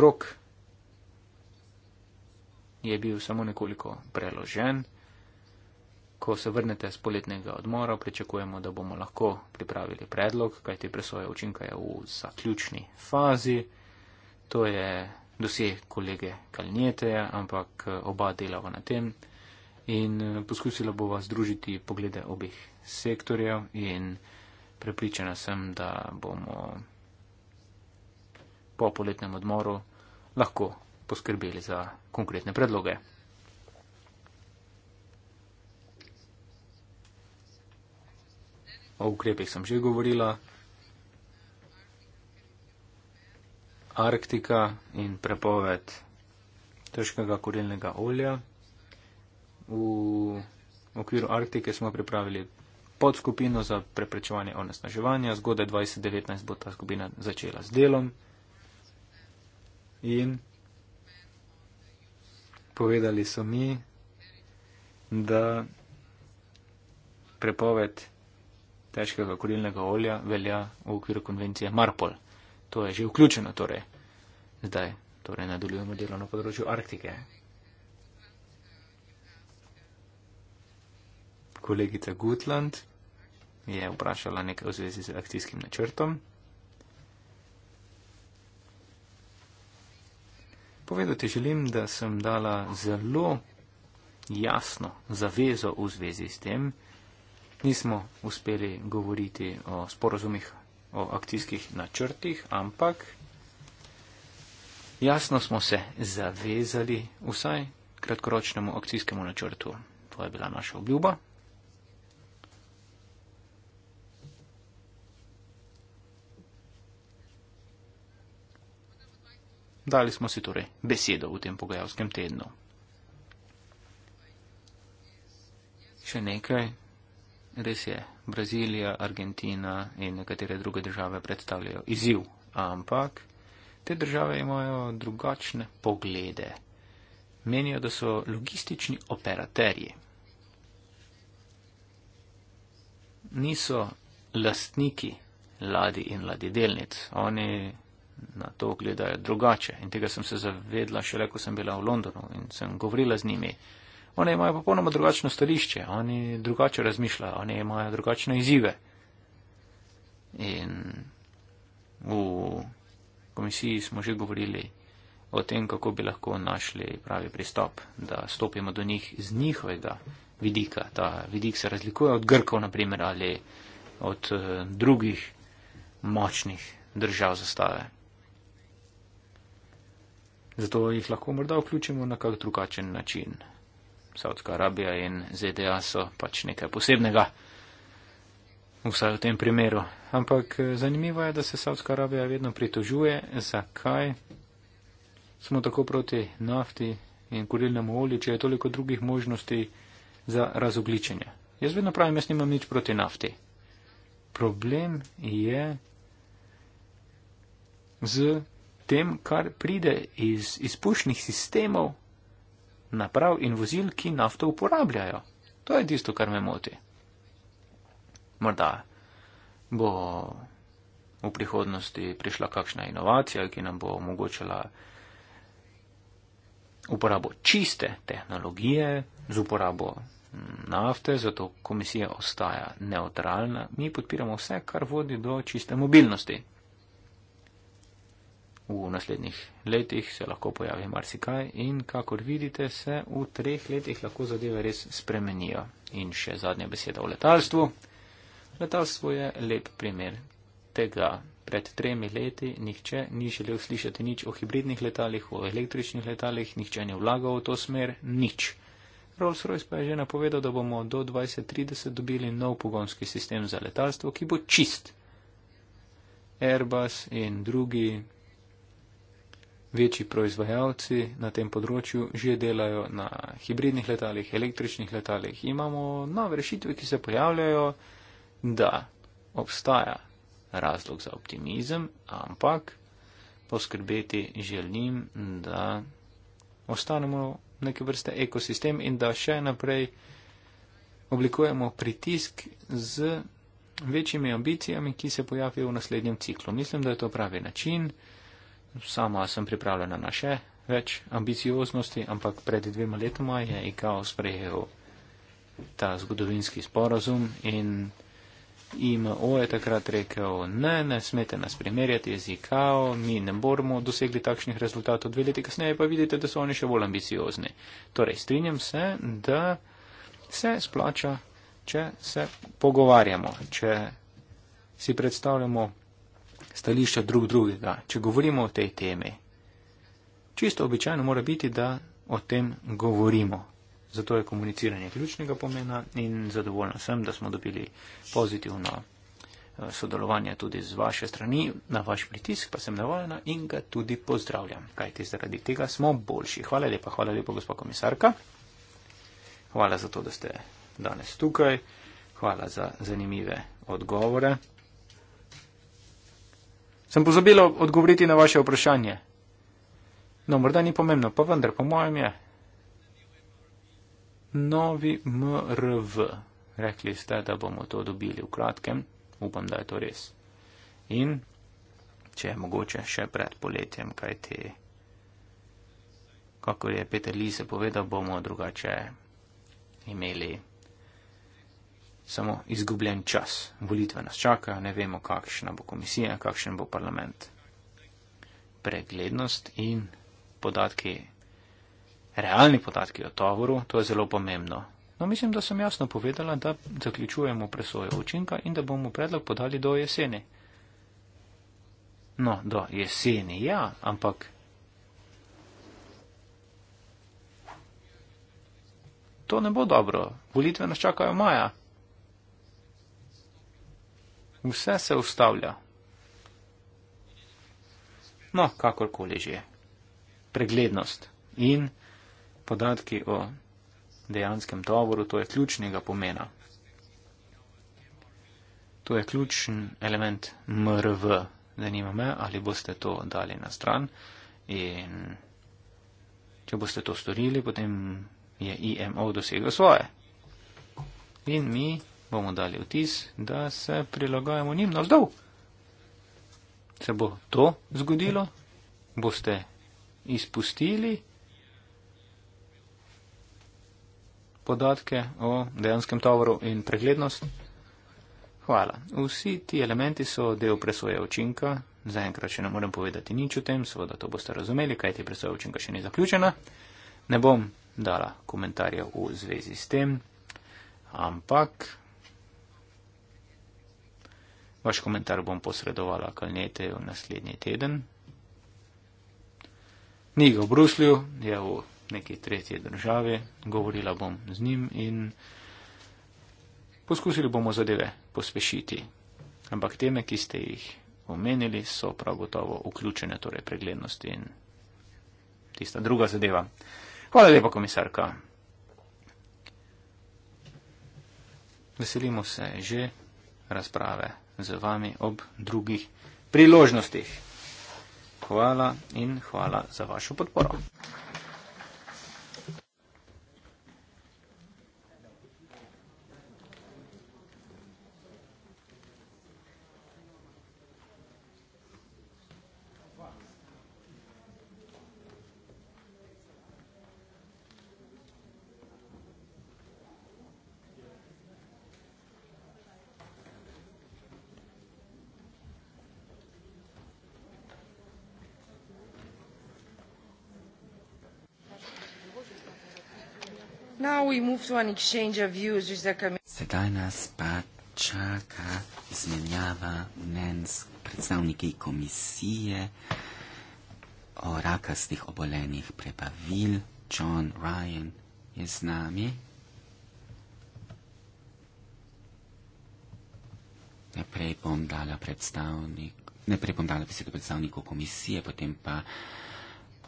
Rok je bil samo nekoliko preložen. Ko se vrnete z poletnega odmora, pričakujemo, da bomo lahko pripravili predlog, kajti presoja učinka je v zaključni fazi. To je dosje kolege Kalnijete, ampak eh, oba delava na tem in eh, poskusila bova združiti poglede obih sektorjev in prepričana sem, da bomo po poletnem odmoru lahko poskrbeli za konkretne predloge. O ukrepih sem že govorila. Arktika in prepoved težkega kurilnega olja. V okviru Arktike smo pripravili podskupino za preprečevanje onesnaževanja. Zgodaj 2019 bo ta skupina začela z delom in povedali so mi, da prepoved težkega kurilnega olja velja v okviru konvencije Marpol to je že vključeno torej. zdaj. Torej, nadaljujemo delo na področju Arktike. Kolegica Gutland je vprašala nekaj v zvezi z akcijskim načrtom. Povedati želim, da sem dala zelo jasno zavezo v zvezi s tem. Nismo uspeli govoriti o sporozumih o akcijskih načrtih, ampak jasno smo se zavezali vsaj kratkoročnemu akcijskemu načrtu. To je bila naša obljuba. Dali smo si torej besedo v tem pogajalskem tednu. Še nekaj, res je, Brazilija, Argentina in nekatere druge države predstavljajo izziv, ampak te države imajo drugačne poglede. Menijo, da so logistični operaterji. Niso lastniki ladi in ladidelnic. Oni na to gledajo drugače. In tega sem se zavedla šele, ko sem bila v Londonu in sem govorila z njimi oni imajo popolnoma drugačno stališče, oni drugače razmišljajo, oni imajo drugačne izzive. In v komisiji smo že govorili o tem, kako bi lahko našli pravi pristop, da stopimo do njih z njihovega vidika. Ta vidik se razlikuje od Grkov, naprimer, ali od eh, drugih močnih držav zastave. Zato jih lahko morda vključimo na kak drugačen način. Saudska Arabija in ZDA so pač nekaj posebnega, vsaj v tem primeru. Ampak eh, zanimivo je, da se Saudska Arabija vedno pritožuje, zakaj smo tako proti nafti in kurilnemu olju, če je toliko drugih možnosti za razogličenje. Jaz vedno pravim, jaz nimam nič proti nafti. Problem je z tem, kar pride iz izpušnih sistemov naprav in vozil, ki nafto uporabljajo. To je tisto, kar me moti. Morda bo v prihodnosti prišla kakšna inovacija, ki nam bo omogočila uporabo čiste tehnologije z uporabo nafte, zato komisija ostaja neutralna. Mi podpiramo vse, kar vodi do čiste mobilnosti v naslednjih letih se lahko pojavi marsikaj in kakor vidite, se v treh letih lahko zadeve res spremenijo. In še zadnja beseda o letalstvu. Letalstvo je lep primer tega. Pred tremi leti nihče ni želel slišati nič o hibridnih letalih, o električnih letalih, nihče ni vlagal v to smer, nič. Rolls-Royce pa je že napovedal, da bomo do 2030 dobili nov pogonski sistem za letalstvo, ki bo čist. Airbus in drugi večji proizvajalci na tem področju že delajo na hibridnih letalih, električnih letalih. Imamo nove rešitve, ki se pojavljajo, da obstaja razlog za optimizem, ampak poskrbeti želim, da ostanemo neke vrste ekosistem in da še naprej oblikujemo pritisk z večjimi ambicijami, ki se pojavijo v naslednjem ciklu. Mislim, da je to pravi način sama sem pripravljena na še več ambicioznosti, ampak pred dvema letoma je IKO sprejel ta zgodovinski sporazum in IMO je takrat rekel, ne, ne smete nas primerjati z IKO, mi ne bomo dosegli takšnih rezultatov dve leti kasneje, pa vidite, da so oni še bolj ambiciozni. Torej, strinjam se, da se splača, če se pogovarjamo, če si predstavljamo stališča drug drugega, če govorimo o tej temi. Čisto običajno mora biti, da o tem govorimo. Zato je komuniciranje ključnega pomena in zadovoljna sem, da smo dobili pozitivno eh, sodelovanje tudi z vaše strani. Na vaš pritisk pa sem navajena in ga tudi pozdravljam, kajti zaradi tega smo boljši. Hvala lepa, hvala lepa, gospod komisarka. Hvala za to, da ste danes tukaj. Hvala za zanimive odgovore. Sem pozabila odgovoriti na vaše vprašanje. No, morda ni pomembno, pa vendar, po mojem je. Novi MRV. Rekli ste, da bomo to dobili v kratkem. Upam, da je to res. In če je mogoče še pred poletjem, kaj ti. Kako je Peter Lise povedal, bomo drugače imeli samo izgubljen čas. Volitve nas čakajo, ne vemo, kakšna bo komisija, kakšen bo parlament. Preglednost in podatki, realni podatki o tovoru, to je zelo pomembno. No, mislim, da sem jasno povedala, da zaključujemo presojo učinka in da bomo predlog podali do jeseni. No, do jeseni, ja, ampak. To ne bo dobro. Volitve nas čakajo maja. Vse se ustavlja. No, kakorkoli že. Preglednost in podatki o dejanskem tovoru, to je ključnega pomena. To je ključen element MRV. Zanima me, ali boste to dali na stran. In če boste to storili, potem je IMO dosegel svoje. In mi bomo dali vtis, da se prilagajamo njim navzdol. Se bo to zgodilo? Boste izpustili podatke o dejanskem tovoru in preglednost? Hvala. Vsi ti elementi so del presoje učinka. Zaenkrat še ne morem povedati nič o tem, seveda to boste razumeli, kaj ti presoja učinka še ni zaključena. Ne bom dala komentarja v zvezi s tem, ampak Vaš komentar bom posredovala Kalnete v naslednji teden. Ni ga v Bruslju, je v neki tretji državi, govorila bom z njim in poskusili bomo zadeve pospešiti. Ampak teme, ki ste jih omenili, so prav gotovo vključene, torej preglednost in tista druga zadeva. Hvala lepa, komisarka. Veselimo se že razprave z vami ob drugih priložnostih. Hvala in hvala za vašo podporo. Sedaj nas pa čaka izmenjava mnen s predstavniki komisije o rakastih obolenih prebavil. John Ryan je z nami. Najprej bom dala predstavnik. Najprej bom dala besedo predstavniku komisije, potem pa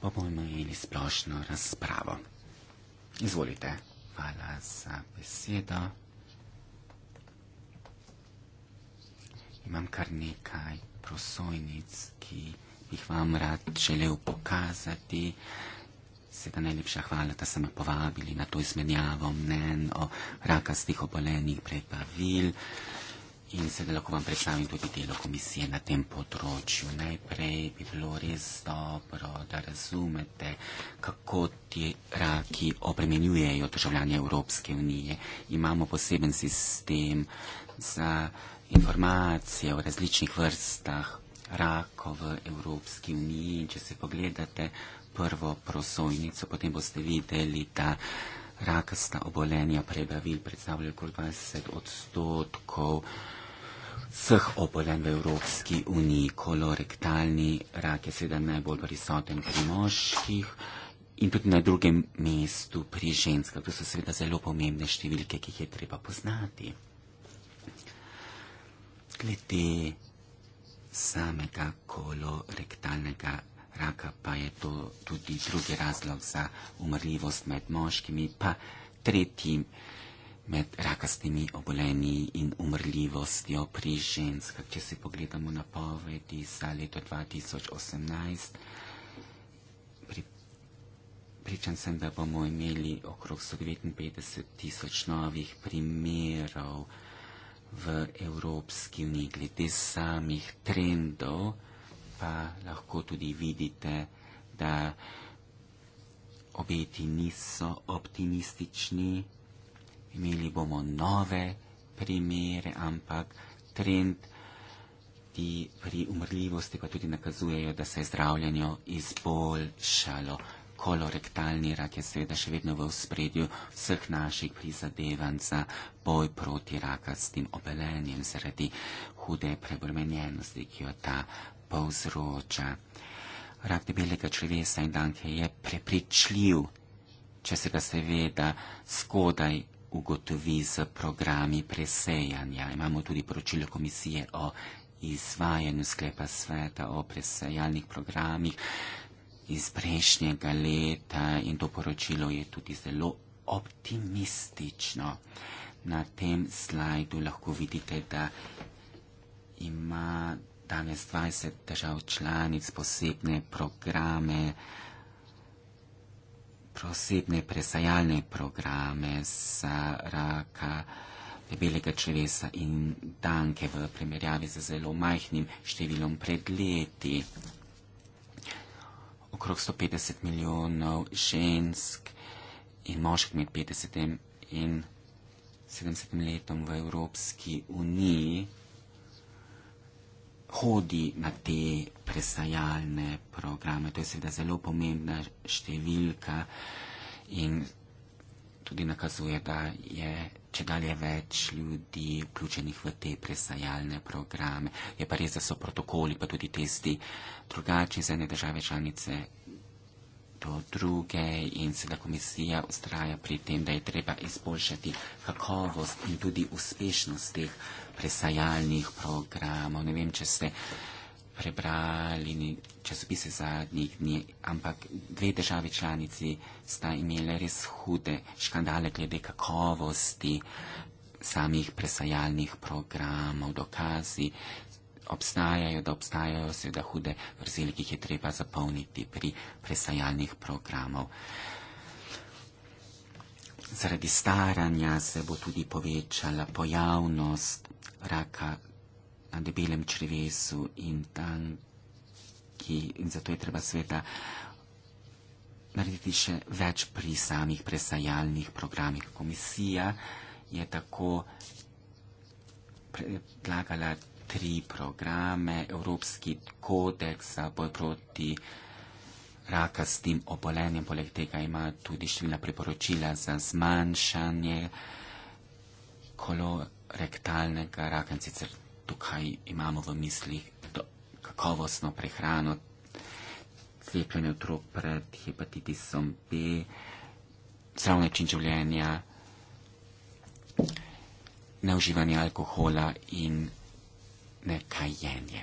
bomo imeli splošno razpravo. Izvolite. Hvala za besedo. Imam kar nekaj prosojnic, ki jih vam rad želel pokazati. Seveda najlepša hvala, da ste me povabili na to izmenjavo mnen o rakastih obolenih prebavil in seveda lahko vam predstavim tudi delo komisije na tem področju. Najprej bi bilo res dobro, da razumete, kako ti raki opremenjujejo državljanje Evropske unije. Imamo poseben sistem za informacije o različnih vrstah rakov v Evropski uniji. In če se pogledate prvo prosojnico, potem boste videli, da rakasta obolenja prebavil predstavljajo kot 20 odstotkov vseh obolenj v Evropski uniji. Kolorektalni rak je seveda najbolj prisoten pri moških in tudi na drugem mestu pri ženskah. To so seveda zelo pomembne številke, ki jih je treba poznati. Glede samega kolorektalnega raka pa je to tudi drugi razlog za umrljivost med moškimi, pa tretji med rakastimi obolenji in umrljivostjo pri ženskah. Če si pogledamo na povedi za leto 2018, pri, pričan sem, da bomo imeli okrog 159 tisoč novih primerov v Evropski uniji glede samih trendov pa lahko tudi vidite, da obeti niso optimistični. Imeli bomo nove primere, ampak trend ti pri umrljivosti pa tudi nakazujejo, da se je zdravljanje izboljšalo. Kolorektalni rak je seveda še vedno v spredju vseh naših prizadevanj za boj proti rakastim obelenjem zaradi hude prebrmenjenosti, ki jo ta povzroča. Rak debelega človeka in danke je prepričljiv, če se ga seveda skodaj ugotovi z programi presejanja. Imamo tudi poročilo komisije o izvajanju sklepa sveta o presejalnih programih iz prejšnjega leta in to poročilo je tudi zelo optimistično. Na tem slajdu lahko vidite, da ima danes 20 držav članic posebne programe, posebne presajalne programe za raka belega črevesa in danke v primerjavi z zelo majhnim številom pred leti. Okrog 150 milijonov žensk in moških med 50 in 70 letom v Evropski uniji hodi na te presajalne programe. To je seveda zelo pomembna številka in tudi nakazuje, da je če dalje več ljudi vključenih v te presajalne programe. Je pa res, da so protokoli, pa tudi testi drugačni za ene države članice do druge in seveda komisija ustraja pri tem, da je treba izboljšati kakovost in tudi uspešnost teh presajalnih programov. Ne vem, če ste prebrali časopise zadnjih dni, ampak dve države članici sta imele res hude škandale glede kakovosti samih presajalnih programov, dokazi, obstajajo, da obstajajo seveda hude vrzeli, ki jih je treba zapolniti pri presajalnih programov. Zaradi staranja se bo tudi povečala pojavnost raka na debelem črvesu in tam, ki in zato je treba sveta narediti še več pri samih presajalnih programih. Komisija je tako predlagala tri programe, Evropski kodeks za boj proti raka s tem obolenjem, poleg tega ima tudi številna priporočila za zmanjšanje kolorektalnega raka in sicer tukaj imamo v mislih kakovostno prehrano, cepljenje otrok pred hepatitisom B, zdrav način življenja, neuživanje alkohola in ne kajenje.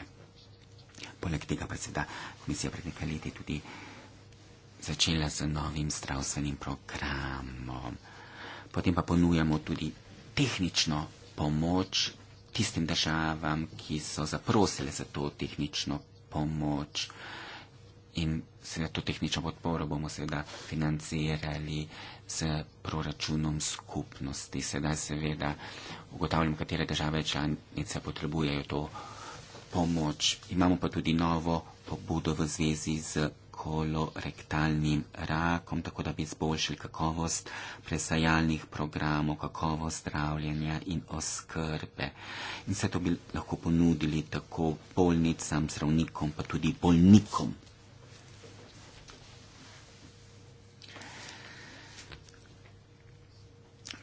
Poleg tega pa se da komisija pred nekaj leti tudi začela z novim zdravstvenim programom. Potem pa ponujamo tudi tehnično pomoč tistim državam, ki so zaprosile za to tehnično pomoč. Uh, in seveda to tehnično podporo bomo seveda financirali s proračunom skupnosti. Sedaj seveda ugotavljam, katere države članice potrebujejo to pomoč. Imamo pa tudi novo pobudo v zvezi z kolorektalnim rakom, tako da bi izboljšali kakovost presajalnih programov, kakovost zdravljenja in oskrbe. In vse to bi lahko ponudili tako bolnicam, zdravnikom, pa tudi bolnikom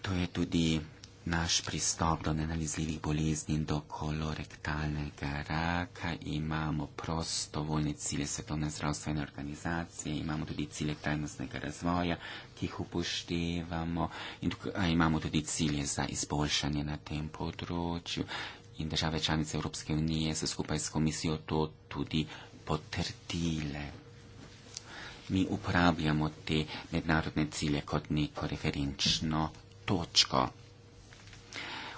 To je tudi naš pristop do nenalizljivih bolezni in do kolorektalnega raka. Imamo prostovoljne cilje Svetovne zdravstvene organizacije, imamo tudi cilje trajnostnega razvoja, ki jih upoštevamo in tukaj, imamo tudi cilje za izboljšanje na tem področju. In države članice Evropske unije so skupaj s komisijo to tudi potrdile. Mi uporabljamo te mednarodne cilje kot neko referenčno točko.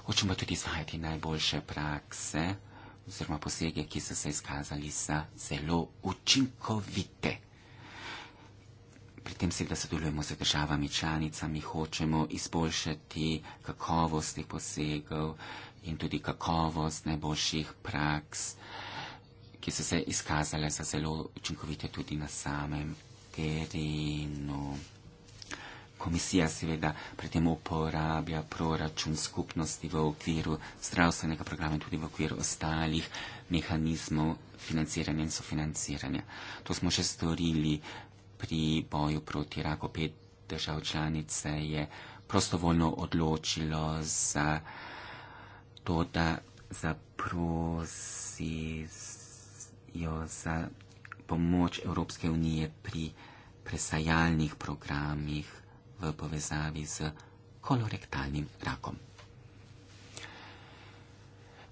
Hočemo tudi izvajati najboljše prakse oziroma posege, ki so se izkazali za zelo učinkovite. Pri tem se, da sodelujemo z državami članicami, hočemo izboljšati kakovost teh posegov in tudi kakovost najboljših praks, ki so se izkazale za zelo učinkovite tudi na samem terenu. Komisija seveda pri tem uporablja proračun skupnosti v okviru zdravstvenega programa in tudi v okviru ostalih mehanizmov financiranja in sofinanciranja. To smo še storili pri boju proti raku. Pet držav članice je prostovoljno odločilo za to, da zaprosijo za pomoč Evropske unije pri presajalnih programih v povezavi z kolorektalnim rakom.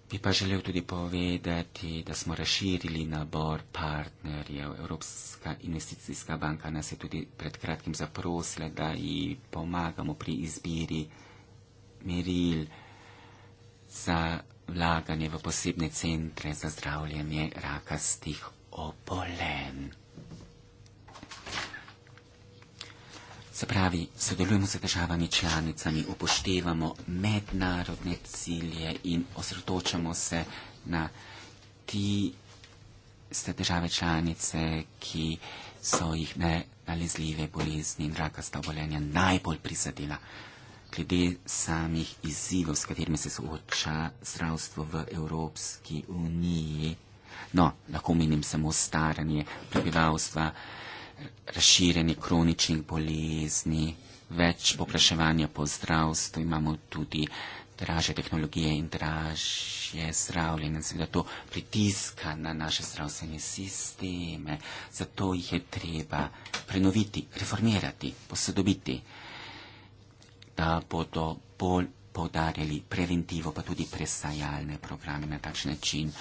Bi pa želel tudi povedati, da smo razširili nabor partnerjev. Evropska investicijska banka nas je tudi pred kratkim zaprosila, da ji pomagamo pri izbiri meril za vlaganje v posebne centre za zdravljanje raka stih obolenj. Se pravi, sodelujemo se državami članicami, upoštevamo mednarodne cilje in osredotočamo se na ti ste države članice, ki so jih nalezljive bolezni in rakasta obolenja najbolj prizadela. Glede samih izzivov, s katerimi se sooča zdravstvo v Evropski uniji, no, lahko menim samo staranje prebivalstva, razširjeni kroničnih bolezni, več popraševanja po zdravstvu, imamo tudi draže tehnologije in draže zdravljenje. Seveda to pritiska na naše zdravstvene sisteme, zato jih je treba prenoviti, reformirati, posodobiti, da bodo bolj podarjali preventivo, pa tudi presajalne programe na takšen način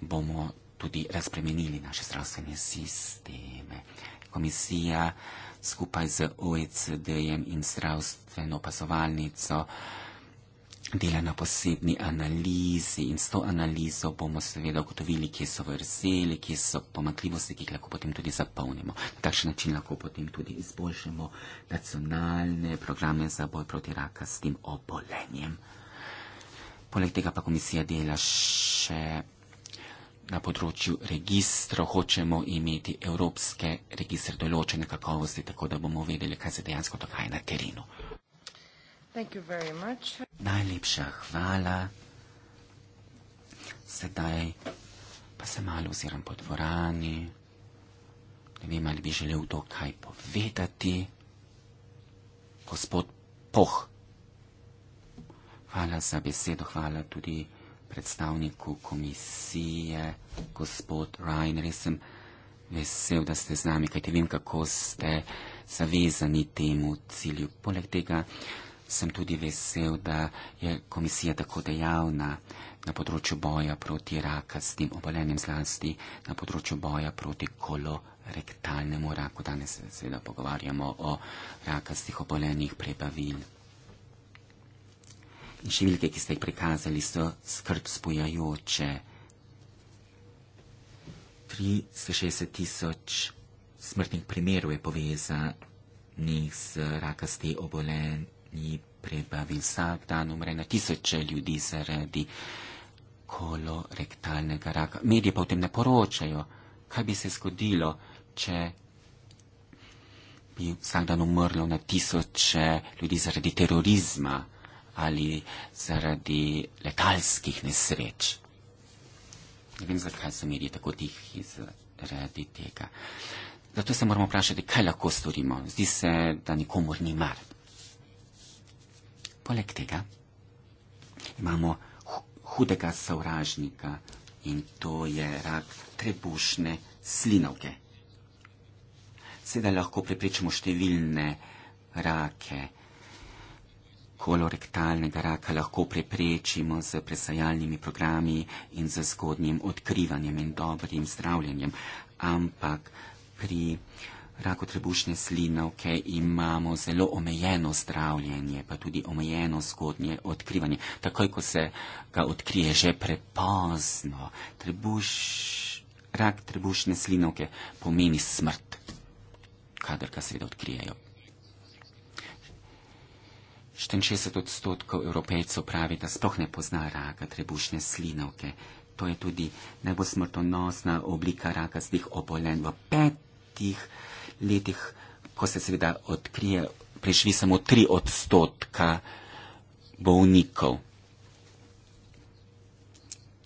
bomo tudi razpremenili naše zdravstvene sisteme. Komisija skupaj z OECD-jem in zdravstveno opazovalnico dela na posebni analizi in s to analizo bomo seveda ugotovili, kje so vrzeli, kje so pomakljivosti, ki jih lahko potem tudi zapolnimo. Na takšen način lahko potem tudi izboljšamo nacionalne programe za boj proti raka s tem obolenjem. Poleg tega pa komisija dela še na področju registrov hočemo imeti evropske registre določene kakovosti, tako da bomo vedeli, kaj se dejansko dogaja na terenu. Najlepša hvala. Sedaj pa se malo oziram po dvorani. Ne vem, ali bi želel to kaj povedati. Gospod Poh. Hvala za besedo, hvala tudi za besedo predstavniku komisije, gospod Ryan, res sem vesel, da ste z nami, kajte vem, kako ste zavezani temu cilju. Poleg tega sem tudi vesel, da je komisija tako dejavna na področju boja proti raka s tem obolenjem zlasti, na področju boja proti kolorektalnemu raku. Danes se seveda pogovarjamo o rakastih obolenjih prebavil številke, ki ste jih prikazali, so skrb spojajoče. 360 tisoč smrtnih primerov je povezanih z rakaste obolenji prebavi vsak dan umre na tisoče ljudi zaradi kolorektalnega raka. Medije pa v tem ne poročajo, kaj bi se zgodilo, če bi vsak dan umrlo na tisoče ljudi zaradi terorizma ali zaradi letalskih nesreč. Ne vem, zakaj so mediji tako tihi zaradi tega. Zato se moramo vprašati, kaj lahko storimo. Zdi se, da nikomor ni mar. Poleg tega imamo hudega sovražnika in to je rak trebušne slinovke. Sedaj lahko prepričamo številne rake kolorektalnega raka lahko preprečimo z presajalnimi programi in z zgodnjim odkrivanjem in dobrim zdravljenjem. Ampak pri raku trebušne slinavke imamo zelo omejeno zdravljenje, pa tudi omejeno zgodnje odkrivanje. Takoj, ko se ga odkrije že prepozno, trebuš, rak trebušne slinavke pomeni smrt, kadar ga seveda odkrijejo 64 odstotkov evropejcev pravi, da sploh ne pozna raka trebušne slinovke. To je tudi najbolj smrtonosna oblika raka zdih obolen. V petih letih, ko se seveda odkrije, prišli samo 3 odstotka bolnikov.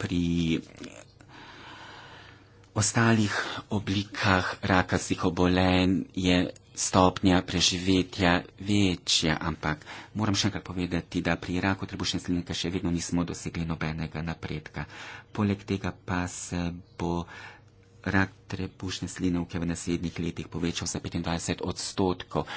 Pri ostalih oblikah raka zdih obolen je stopnja preživetja večja, ampak moram še enkrat povedati, da pri raku trebušne slinke še vedno nismo dosegli nobenega napredka. Poleg tega pa se bo rak trebušne slinovke v naslednjih letih povečal za 25 odstotkov.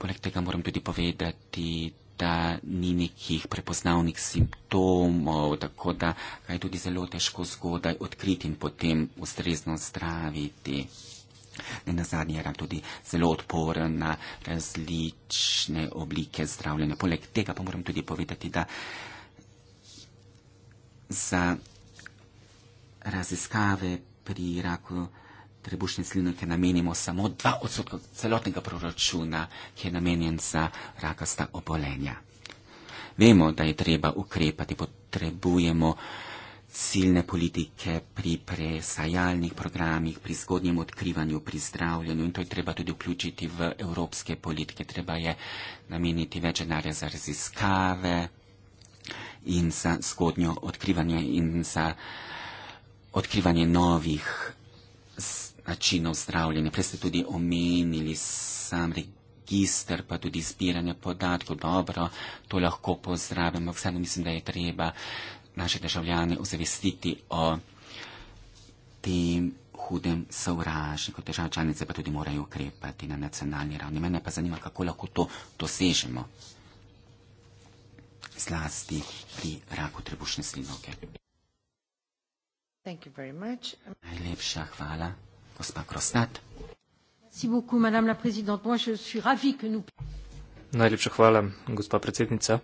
Poleg tega moram tudi povedati, da ni nekih prepoznavnih simptomov, tako da ga je tudi zelo težko zgodaj odkriti in potem ustrezno zdraviti. Ne nazadnje je rak tudi zelo odporen na različne oblike zdravljenja. Poleg tega pa moram tudi povedati, da za raziskave pri raku trebušne slinovke namenimo samo 2 odstotka celotnega proračuna, ki je namenjen za rakasta obolenja. Vemo, da je treba ukrepati, potrebujemo ciljne politike, pri presajalnih programih, pri zgodnjem odkrivanju, pri zdravljenju in to je treba tudi vključiti v evropske politike. Treba je nameniti več denarja za raziskave in za zgodnjo odkrivanje in za odkrivanje novih načinov zdravljenja. Prej ste tudi omenili sam register, pa tudi zbiranje podatkov. Dobro, to lahko pozdravimo. Vseeno mislim, da je treba naše državljane ozavestiti o tem hudem sovražniku. Države članice pa tudi morajo ukrepati na nacionalni ravni. Mene pa zanima, kako lahko to dosežemo zlasti pri raku trebušne slinoke. Thank you very much. Najlepša hvala, gospa Krosnat. Merci beaucoup, madame la présidente. Moi, je suis ravi que nous... Najlepša hvala, gospa predsednica.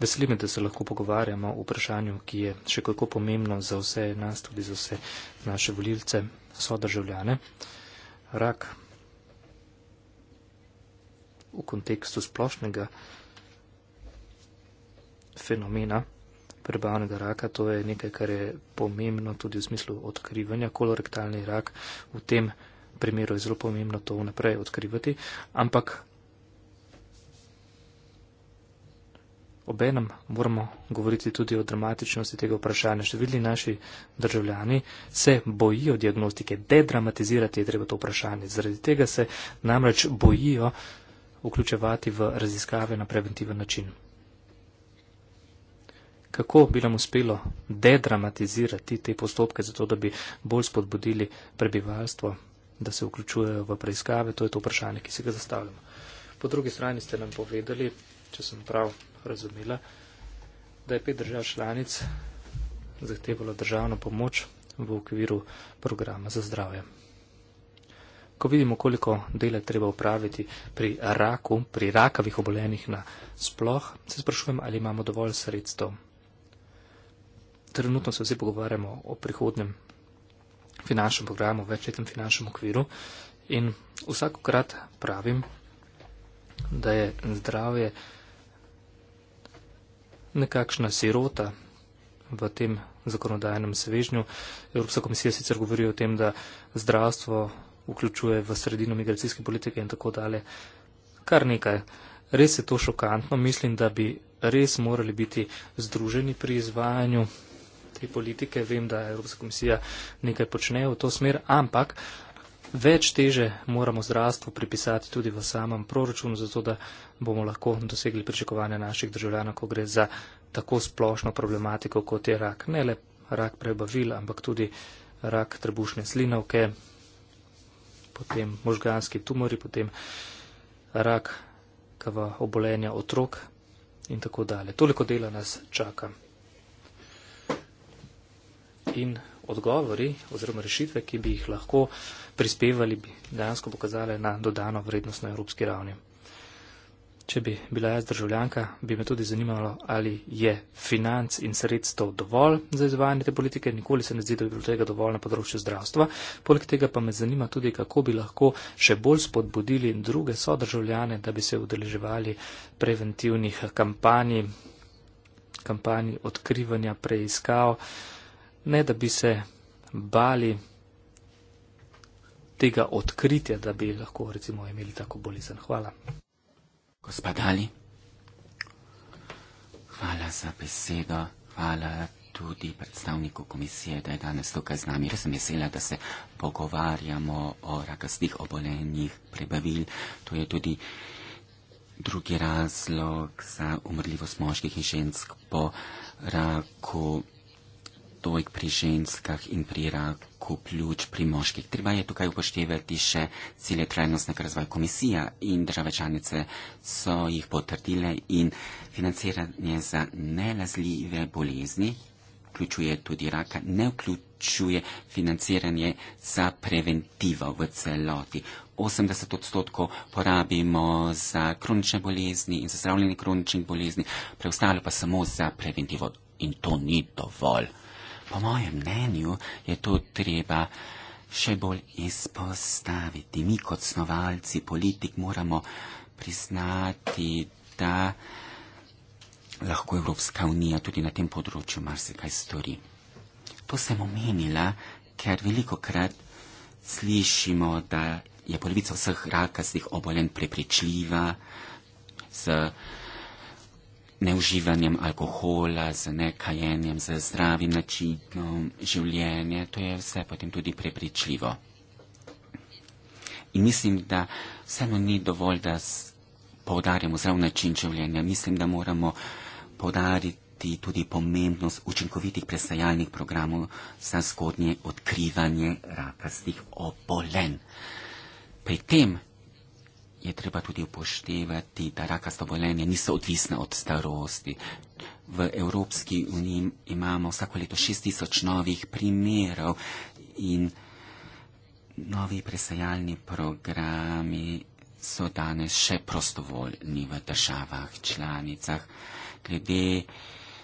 Veselime, da se lahko pogovarjamo o vprašanju, ki je še kako pomembno za vse nas, tudi za vse naše volilce, sodržavljane. Rak v kontekstu splošnega fenomena prebavnega raka, to je nekaj, kar je pomembno tudi v smislu odkrivanja. Kolorektalni rak v tem primeru je zelo pomembno to vnaprej odkrivati, ampak Obenem moramo govoriti tudi o dramatičnosti tega vprašanja. Številni naši državljani se bojijo diagnostike, dedramatizirati je treba to vprašanje. Zaradi tega se namreč bojijo vključevati v raziskave na preventiven način. Kako bi nam uspelo dedramatizirati te postopke, zato da bi bolj spodbudili prebivalstvo, da se vključujejo v preiskave, to je to vprašanje, ki si ga zastavljamo. Po drugi strani ste nam povedali, če sem prav razumela, da je pet držav članic zahtevalo državno pomoč v okviru programa za zdravje. Ko vidimo, koliko dela treba upraviti pri raku, pri rakavih obolenih na sploh, se sprašujem, ali imamo dovolj sredstev. Trenutno se vsi pogovarjamo o prihodnem finančnem programu, večletnem finančnem okviru in vsakokrat pravim, da je zdravje nekakšna sirota v tem zakonodajnem svežnju. Evropska komisija sicer govori o tem, da zdravstvo vključuje v sredino migracijske politike in tako dalje. Kar nekaj. Res je to šokantno. Mislim, da bi res morali biti združeni pri izvajanju te politike. Vem, da Evropska komisija nekaj počne v to smer, ampak več teže moramo zdravstvu pripisati tudi v samem proračunu, zato da bomo lahko dosegli pričakovanja naših državljanov, ko gre za tako splošno problematiko, kot je rak. Ne le rak prebavil, ampak tudi rak trebušne slinavke, potem možganski tumori, potem rak kava obolenja otrok in tako dalje. Toliko dela nas čaka. In odgovori oziroma rešitve, ki bi jih lahko prispevali, bi dejansko pokazali na dodano vrednost na evropski ravni. Če bi bila jaz državljanka, bi me tudi zanimalo, ali je financ in sredstev dovolj za izvajanje te politike. Nikoli se ne zdi, da bi bilo tega dovolj na področju zdravstva. Poleg tega pa me zanima tudi, kako bi lahko še bolj spodbudili druge sodržavljane, da bi se udeleževali preventivnih kampanj, kampanj odkrivanja preiskav ne da bi se bali tega odkritja, da bi lahko recimo imeli tako bolezen. Hvala. Gospodali, hvala za besedo, hvala tudi predstavniku komisije, da je danes tukaj z nami. Jaz sem vesela, da se pogovarjamo o rakastih obolenjih prebavil. To je tudi drugi razlog za umrljivost moških in žensk po raku stojk pri ženskah in pri raku pljuč pri moških. Treba je tukaj upoštevati še cilje trajnostnega razvoja komisija in države članice so jih potrdile in financiranje za nelazljive bolezni vključuje tudi raka, ne vključuje financiranje za preventivo v celoti. 80 odstotkov porabimo za kronične bolezni in za zdravljenje kroničnih bolezni, preostalo pa samo za preventivo in to ni dovolj. Po mojem mnenju je to treba še bolj izpostaviti. Mi kot snovalci politik moramo priznati, da lahko Evropska unija tudi na tem področju marsikaj stori. To sem omenila, ker veliko krat slišimo, da je polovica vseh rakastih obolenj prepričljiva neuživanjem alkohola, z nekajenjem, z zdravim načinom življenja, to je vse potem tudi prepričljivo. In mislim, da vseeno ni dovolj, da poudarjamo zdrav način življenja. Mislim, da moramo poudariti tudi pomembnost učinkovitih presajalnih programov za zgodnje odkrivanje rakastih obolenj. Pri tem je treba tudi upoštevati, da rakasta obolenja niso odvisna od starosti. V Evropski uniji imamo vsako leto 6000 novih primerov in novi presajalni programi so danes še prostovoljni v državah, članicah. Glede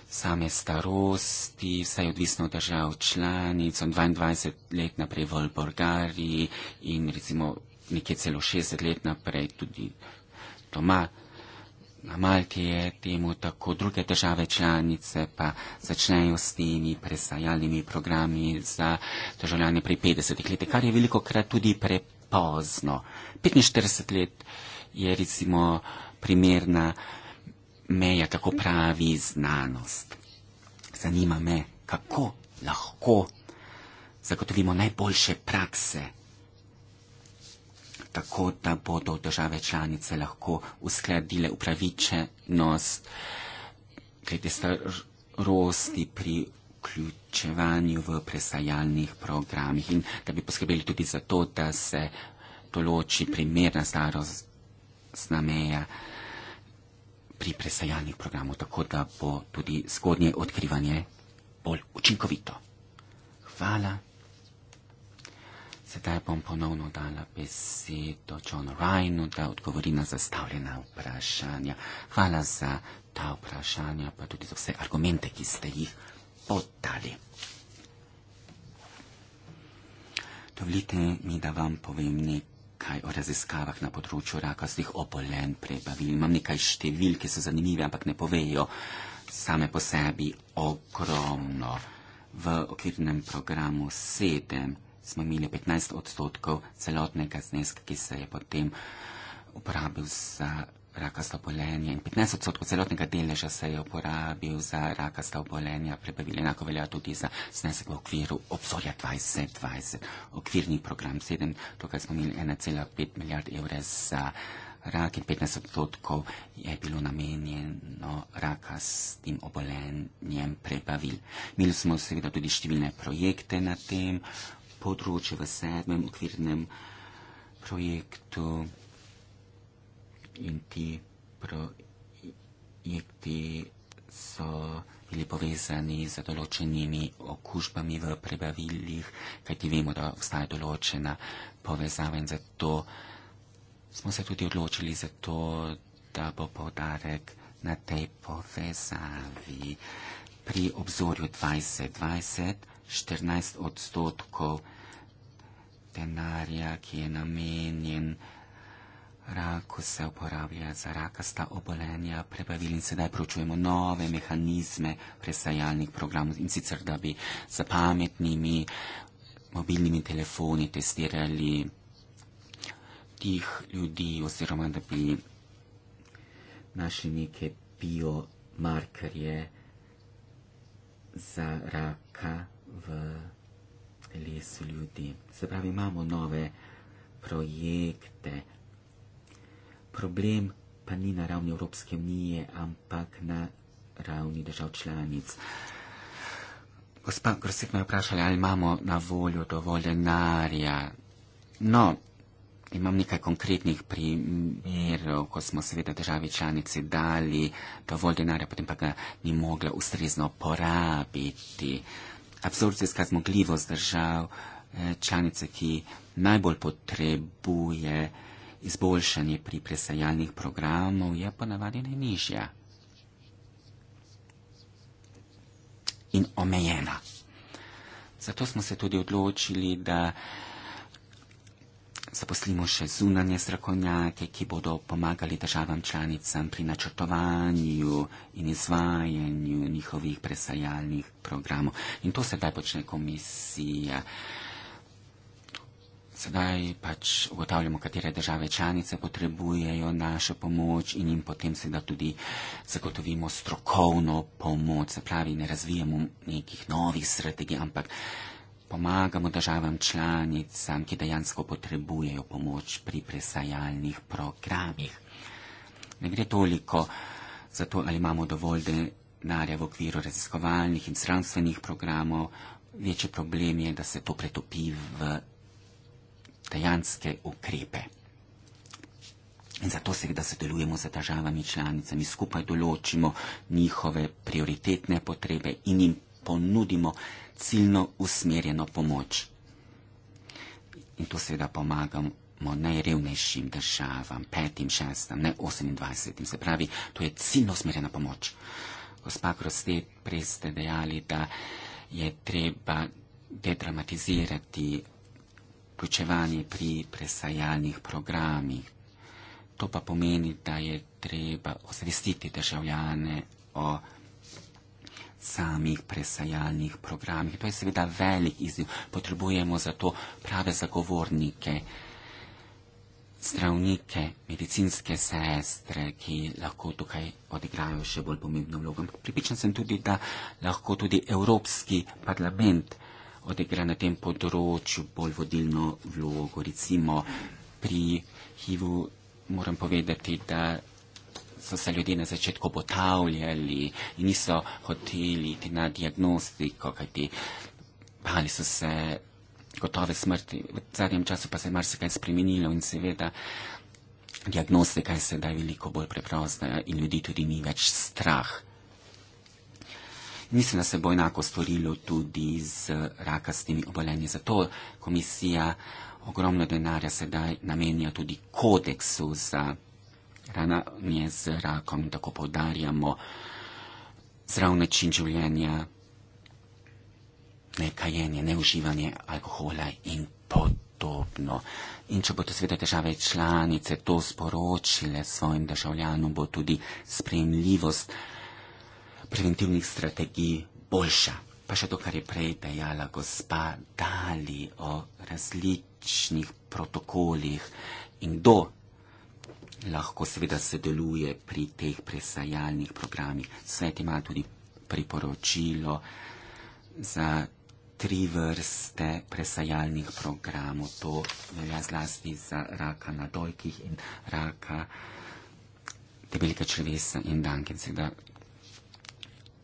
same starosti, saj odvisno od držav članic, od 22 let naprej v Bolgariji in recimo nekje celo 60 let naprej, tudi doma na Malti je temu tako, druge države članice pa začnejo s temi presajalnimi programi za državljane pri 50 letih, kar je veliko krat tudi prepozno. 45 let je recimo primerna meja, kako pravi znanost. Zanima me, kako lahko zagotovimo najboljše prakse tako, da bodo države članice lahko uskladile upravičenost glede starosti pri vključevanju v presajalnih programih in da bi poskrbeli tudi za to, da se določi primerna starostna meja pri presajalnih programih, tako da bo tudi zgodnje odkrivanje bolj učinkovito. Hvala. Sedaj bom ponovno dala besedo John Ryanu, da odgovori na zastavljena vprašanja. Hvala za ta vprašanja, pa tudi za vse argumente, ki ste jih podali. Dovolite mi, da vam povem nekaj o raziskavah na področju rakastih obolen prebavil. Imam nekaj številk, ki so zanimive, ampak ne povejo same po sebi ogromno. V okvirnem programu sedem smo imeli 15 odstotkov celotnega zneska, ki se je potem uporabil za rakasto obolenje in 15 odstotkov celotnega deleža se je uporabil za rakasto obolenje, prebavili enako velja tudi za znesek v okviru obzorja 2020, okvirni program 7, tukaj smo imeli 1,5 milijard evre za rak in 15 odstotkov je bilo namenjeno rakastim obolenjem prebavil. Imeli smo seveda tudi številne projekte na tem področje v sedmem okvirnem projektu in ti projekti so bili povezani z določenimi okužbami v prebavilih, kajti vemo, da obstaja določena povezava in zato smo se tudi odločili za to, da bo povdarek na tej povezavi pri obzorju 2020 14 odstotkov denarja, ki je namenjen raku, se uporablja za rakasta obolenja, prebavili in sedaj pročujemo nove mehanizme presajalnih programov in sicer, da bi za pametnimi mobilnimi telefoni testirali tih ljudi oziroma da bi našli neke biomarkerje za raka v lesu ljudi. Se pravi, imamo nove projekte. Problem pa ni na ravni Evropske unije, ampak na ravni držav članic. Gospa Grosek me je vprašala, ali imamo na voljo dovolj denarja. No, Imam nekaj konkretnih primerov, ko smo seveda državi članici dali dovolj denarja, potem pa ga ni mogla ustrezno porabiti. Absorpcijska zmogljivost držav eh, članice, ki najbolj potrebuje izboljšanje pri presajalnih programov, je ponavadi najnižja in omejena. Zato smo se tudi odločili, da zaposlimo še zunanje strokovnjake, ki bodo pomagali državam članicam pri načrtovanju in izvajanju njihovih presajalnih programov. In to sedaj počne komisija. Sedaj pač ugotavljamo, katere države članice potrebujejo našo pomoč in jim potem seveda tudi zagotovimo strokovno pomoč. Se pravi, ne razvijamo nekih novih strategij, ampak pomagamo državam članicam, ki dejansko potrebujejo pomoč pri presajalnih programih. Ne gre toliko za to, ali imamo dovolj denarja v okviru raziskovalnih in zdravstvenih programov, večji problem je, da se to pretopi v dejanske ukrepe. In zato seveda sodelujemo z državami članicami, skupaj določimo njihove prioritetne potrebe in jim ponudimo ciljno usmerjeno pomoč. In to seveda pomagamo najrevnejšim državam, petim, šestim, ne 28. Se pravi, to je ciljno usmerjena pomoč. Gospa Kroste, prej ste dejali, da je treba dedramatizirati vključevanje pri presajalnih programih. To pa pomeni, da je treba osvestiti državljane o samih presajalnih programih. To je seveda velik izziv. Potrebujemo za to prave zagovornike, zdravnike, medicinske sestre, ki lahko tukaj odigrajo še bolj pomembno vlogo. Pripričan sem tudi, da lahko tudi Evropski parlament odigra na tem področju bolj vodilno vlogo. Recimo pri HIV-u moram povedati, da so se ljudje na začetku obotavljali in niso hoteli iti na diagnostiko, kajti pali so se gotove smrti. V zadnjem času pa se je marsikaj spremenilo in seveda diagnostika je sedaj veliko bolj preprosta in ljudi tudi ni več strah. Mislim, da se bo enako storilo tudi z rakastimi obolenji. Zato komisija ogromno denarja sedaj namenja tudi kodeksu za hrana ni z rakom, tako podarjamo zdrav način življenja, ne kajenje, ne uživanje alkohola in podobno. In če bodo seveda države članice to sporočile svojim državljanom, bo tudi spremljivost preventivnih strategij boljša. Pa še to, kar je prej dejala gospa Dali o različnih protokolih in kdo lahko seveda sodeluje pri teh presajalnih programih. Svet ima tudi priporočilo za tri vrste presajalnih programov. To velja zlasti za raka na dojkih in raka debelika črvesa in danke. Seveda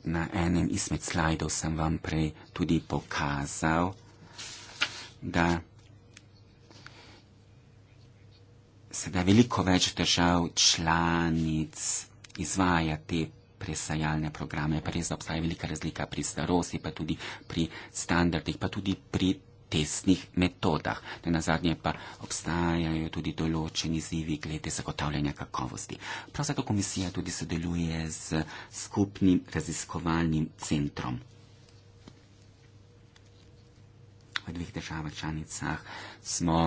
na enem izmed slajdov sem vam prej tudi pokazal, da seveda veliko več držav članic izvaja te presajalne programe. Pa res obstaja velika razlika pri starosti, pa tudi pri standardih, pa tudi pri testnih metodah. Ne na zadnje pa obstajajo tudi določeni zivi glede zagotavljanja kakovosti. Prav zato komisija tudi sodeluje z skupnim raziskovalnim centrom. V dveh državah članicah smo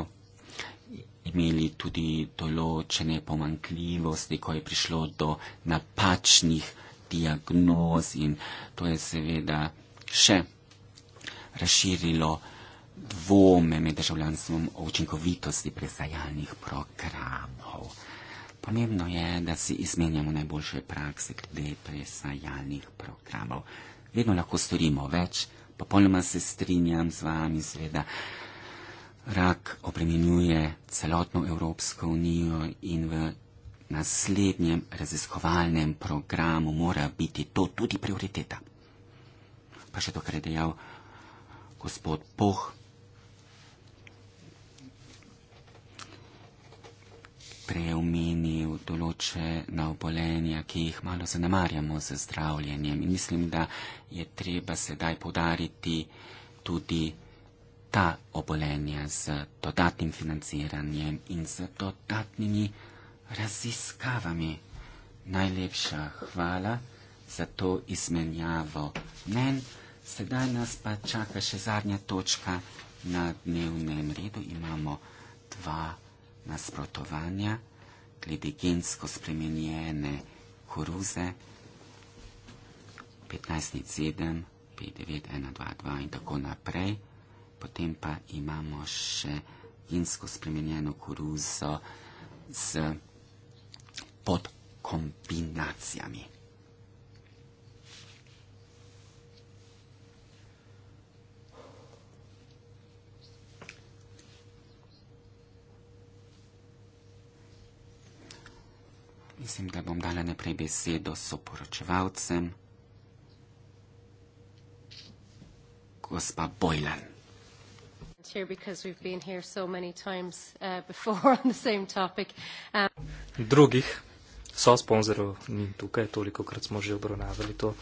imeli tudi določene pomankljivosti, ko je prišlo do napačnih diagnoz in to je seveda še razširilo dvome med državljanstvom o učinkovitosti presajalnih programov. Pomembno je, da si izmenjamo najboljše prakse glede presajalnih programov. Vedno lahko storimo več, popolnoma se strinjam z vami, seveda. Rak opremenjuje celotno Evropsko unijo in v naslednjem raziskovalnem programu mora biti to tudi prioriteta. Pa še to, kar je dejal gospod Poh. Prej je omenil določena obolenja, ki jih malo zanemarjamo z zdravljenjem. In mislim, da je treba sedaj podariti tudi ta obolenja z dodatnim financiranjem in z dodatnimi raziskavami. Najlepša hvala za to izmenjavo mnen. Sedaj nas pa čaka še zadnja točka na dnevnem redu. Imamo dva nasprotovanja glede gensko spremenjene koruze 15.7, 5.9.1.2.2 in tako naprej potem pa imamo še vinsko spremenjeno koruzo z podkombinacijami. Mislim, da bom dala naprej besedo soporočevalcem. Gospa Bojlan here because we've been here so many times uh, before on the same topic. Um, Drugih sosponzorov ni tukaj, toliko krat smo že obravnavali to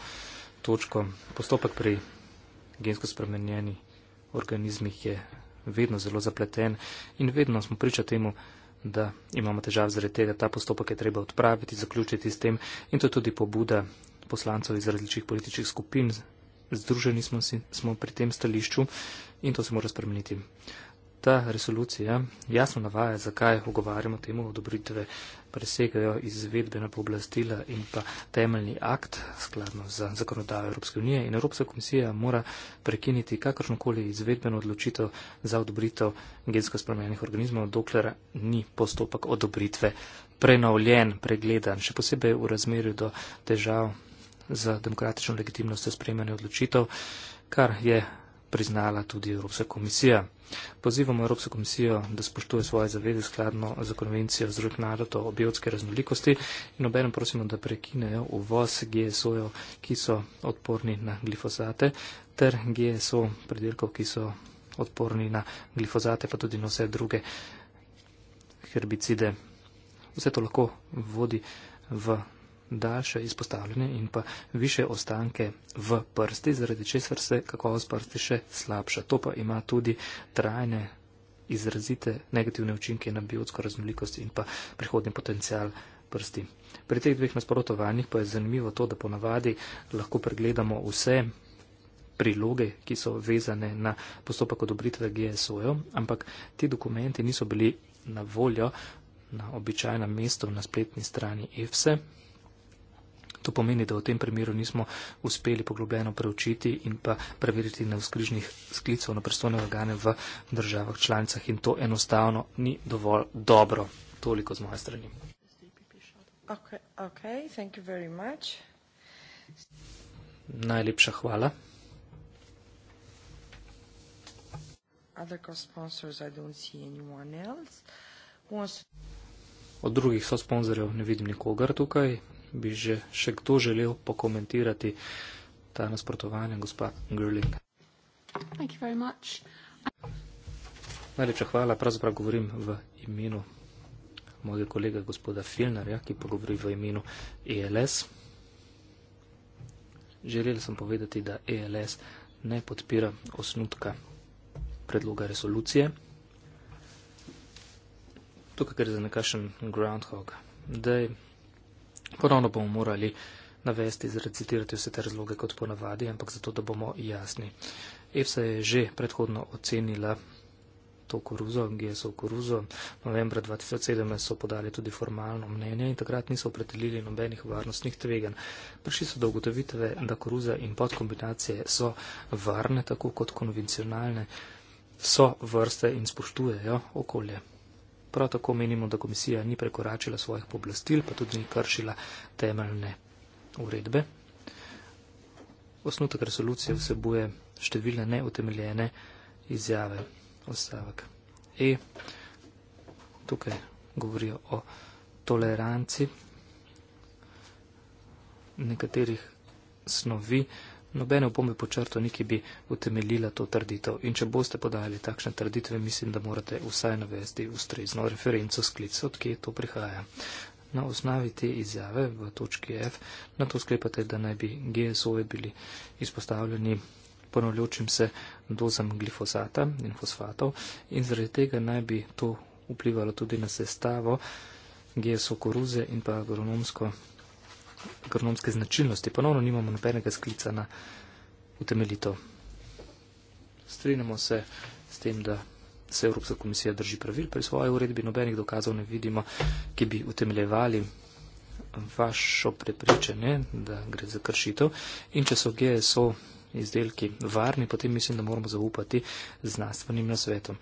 točko. Postopek pri gensko spremenjeni organizmih je vedno zelo zapleten in vedno smo priča temu, da imamo težav zaradi tega. Ta postopek je treba odpraviti, zaključiti s tem in to je tudi pobuda poslancov iz različnih političnih skupin, združeni smo, si, smo pri tem stališču in to se mora spremeniti. Ta resolucija jasno navaja, zakaj ogovarjamo temu, da odobritve presegajo izvedbena pooblastila in pa temeljni akt skladno z zakonodajo Evropske unije in Evropska komisija mora prekiniti kakršnokoli izvedbeno odločitev za odobritev gensko spremenjenih organizmov, dokler ni postopek odobritve prenovljen, pregledan, še posebej v razmerju do težav za demokratično legitimnost za sprejemanje odločitev, kar je priznala tudi Evropska komisija. Pozivamo Evropsko komisijo, da spoštuje svoje zaveze skladno za konvencijo Združenih narodov o biotske raznolikosti in obenem prosimo, da prekinejo uvoz GSO-jev, ki so odporni na glifosate, ter GSO predelkov, ki so odporni na glifosate, pa tudi na vse druge herbicide. Vse to lahko vodi v daljše izpostavljanje in pa više ostanke v prsti, zaradi česar se kakovost prsti še slabša. To pa ima tudi trajne izrazite negativne učinke na biotsko raznolikost in pa prihodni potencial prsti. Pri teh dveh nasprotovanjih pa je zanimivo to, da ponavadi lahko pregledamo vse priloge, ki so vezane na postopek odobritve GSO-jo, ampak ti dokumenti niso bili na voljo na običajnem mestu na spletni strani EFSE, To pomeni, da v tem primeru nismo uspeli poglobljeno preučiti in pa preveriti na vzkrižnih sklicov na prestolne organe v državah članicah in to enostavno ni dovolj dobro. Toliko z moje strani. Okay, okay, Najlepša hvala. Od drugih sosponzorjev ne vidim nikogar tukaj bi že še kdo želel pokomentirati ta nasprotovanja, gospa Grling. Najlepša hvala, pravzaprav govorim v imenu mojega kolega gospoda Filnarja, ki pa govori v imenu ELS. Želel sem povedati, da ELS ne podpira osnutka predloga resolucije. Tukaj gre za nekašen groundhog. Da je Ponovno bomo morali navesti, zrecitirati vse te razloge kot ponavadi, ampak zato, da bomo jasni. EFSA je že predhodno ocenila to koruzo, GSO koruzo. Novembra 2007 so podali tudi formalno mnenje in takrat niso opredelili nobenih varnostnih tvegan. Prišli so do ugotovitve, da koruza in podkombinacije so varne, tako kot konvencionalne, so vrste in spoštujejo okolje. Prav tako menimo, da komisija ni prekoračila svojih poblastil, pa tudi ni kršila temeljne uredbe. Osnutek resolucije vsebuje številne neutemeljene izjave. Ostavek E. Tukaj govorijo o toleranci nekaterih snovi. Nobene opombe po črto niki bi utemeljila to trditev in če boste podajali takšne trditve, mislim, da morate vsaj navesti ustrezno referenco sklic, odkje to prihaja. Na osnovi te izjave v točki F na to sklepate, da naj bi GSO-je bili izpostavljeni ponovljočim se dozam glifosata in fosfatov in zaradi tega naj bi to vplivalo tudi na sestavo GSO koruze in pa agronomsko agronomske značilnosti. Ponovno nimamo nobenega sklica na utemeljito. Strinjamo se s tem, da se Evropska komisija drži pravil pri svoji uredbi, nobenih dokazov ne vidimo, ki bi utemeljevali vašo prepričanje, da gre za kršitev. In če so GSO izdelki varni, potem mislim, da moramo zaupati znanstvenim nasvetom.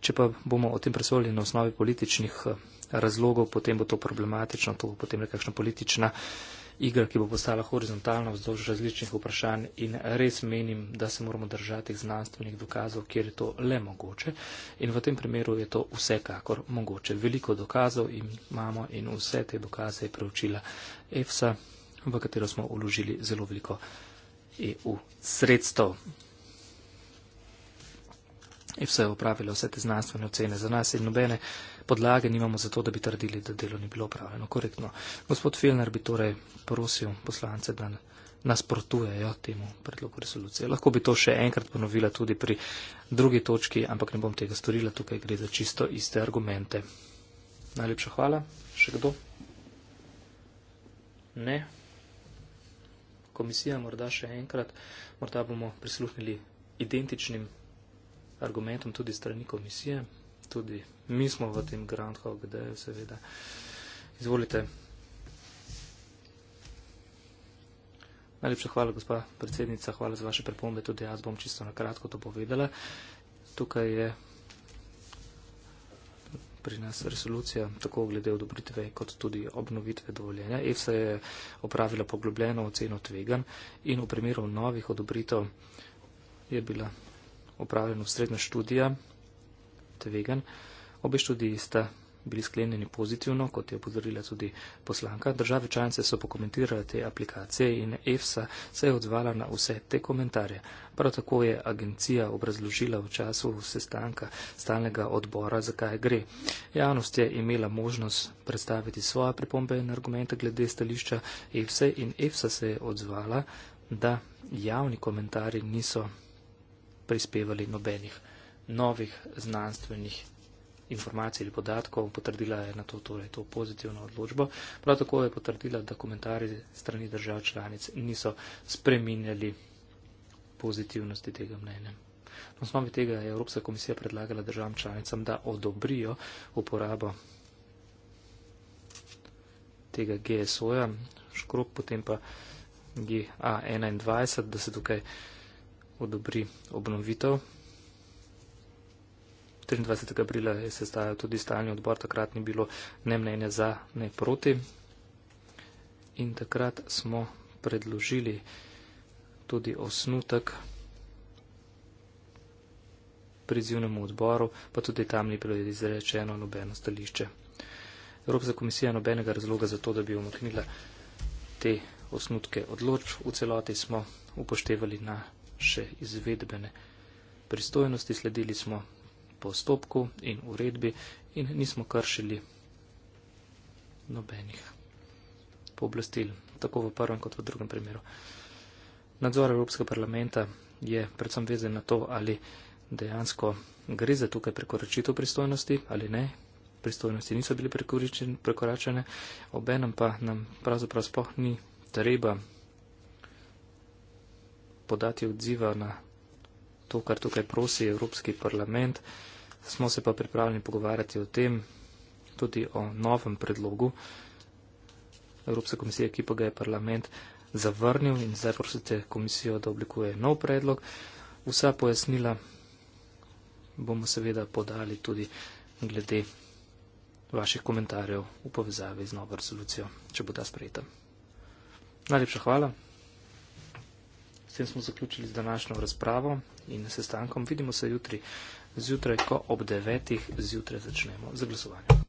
Če pa bomo o tem presvojili na osnovi političnih eh, razlogov, potem bo to problematično, to bo potem nekakšna politična igra, ki bo postala horizontalna vzdolž različnih vprašanj in res menim, da se moramo držati znanstvenih dokazov, kjer je to le mogoče in v tem primeru je to vsekakor mogoče. Veliko dokazov imamo in vse te dokaze je preučila EFSA, v katero smo uložili zelo veliko EU sredstev. EFSA je opravila vse te znanstvene ocene za nas in nobene podlage nimamo za to, da bi trdili, da delo ni bilo upravljeno korektno. Gospod Filner bi torej prosil poslance, da nasprotujejo temu predlogu resolucije. Lahko bi to še enkrat ponovila tudi pri drugi točki, ampak ne bom tega storila, tukaj gre za čisto iste argumente. Najlepša hvala. Še kdo? Ne. Komisija morda še enkrat, morda bomo prisluhnili identičnim argumentom tudi strani komisije, tudi mi smo v tem Groundhog Dayu, seveda. Izvolite. Najlepša hvala, gospa predsednica, hvala za vaše pripombe, tudi jaz bom čisto na kratko to povedala. Tukaj je pri nas resolucija tako glede odobritve kot tudi obnovitve dovoljenja. EFSA je opravila poglobljeno oceno tvegan in v primeru novih odobritev je bila opravljena ustredna študija tvegan. Obe študiji sta bili sklenjeni pozitivno, kot je opozorila tudi poslanka. Države članice so pokomentirale te aplikacije in EFSA se je odzvala na vse te komentarje. Prav tako je agencija obrazložila v času sestanka stalnega odbora, zakaj gre. Javnost je imela možnost predstaviti svoje pripombe in argumente glede stališča EFSA in EFSA se je odzvala, da javni komentarji niso prispevali nobenih novih znanstvenih informacij ali podatkov, potrdila je na to, torej, to pozitivno odločbo. Prav tako je potrdila, da komentarji strani držav članic niso spreminjali pozitivnosti tega mnenja. Na osnovi tega je Evropska komisija predlagala državam članicam, da odobrijo uporabo tega GSO-ja, škrop, potem pa GA21, da se tukaj odobri obnovitev. 23. aprila je sestajal tudi stalni odbor, takrat ni bilo ne mnenja za, ne proti. In takrat smo predložili tudi osnutek prizivnemu odboru, pa tudi tam ni bilo izrečeno nobeno stališče. Evropska komisija nobenega razloga za to, da bi omaknila te osnutke odločb, v celoti smo upoštevali na še izvedbene pristojnosti, sledili smo postopku in uredbi in nismo kršili nobenih pooblastil, tako v prvem kot v drugem primeru. Nadzor Evropskega parlamenta je predvsem vezen na to, ali dejansko gre za tukaj prekoračitev pristojnosti ali ne. Pristojnosti niso bile prekoračene, obenem pa nam pravzaprav spoh ni treba podati odziva na to, kar tukaj prosi Evropski parlament smo se pa pripravljeni pogovarjati o tem, tudi o novem predlogu Evropske komisije, ki pa ga je parlament zavrnil in zdaj prosite komisijo, da oblikuje nov predlog. Vsa pojasnila bomo seveda podali tudi glede vaših komentarjev v povezavi z novo rezolucijo, če bo ta sprejeta. Najlepša hvala. S tem smo zaključili z današnjo razpravo in sestankom. Vidimo se jutri zjutraj, ko ob devetih zjutraj začnemo z glasovanjem.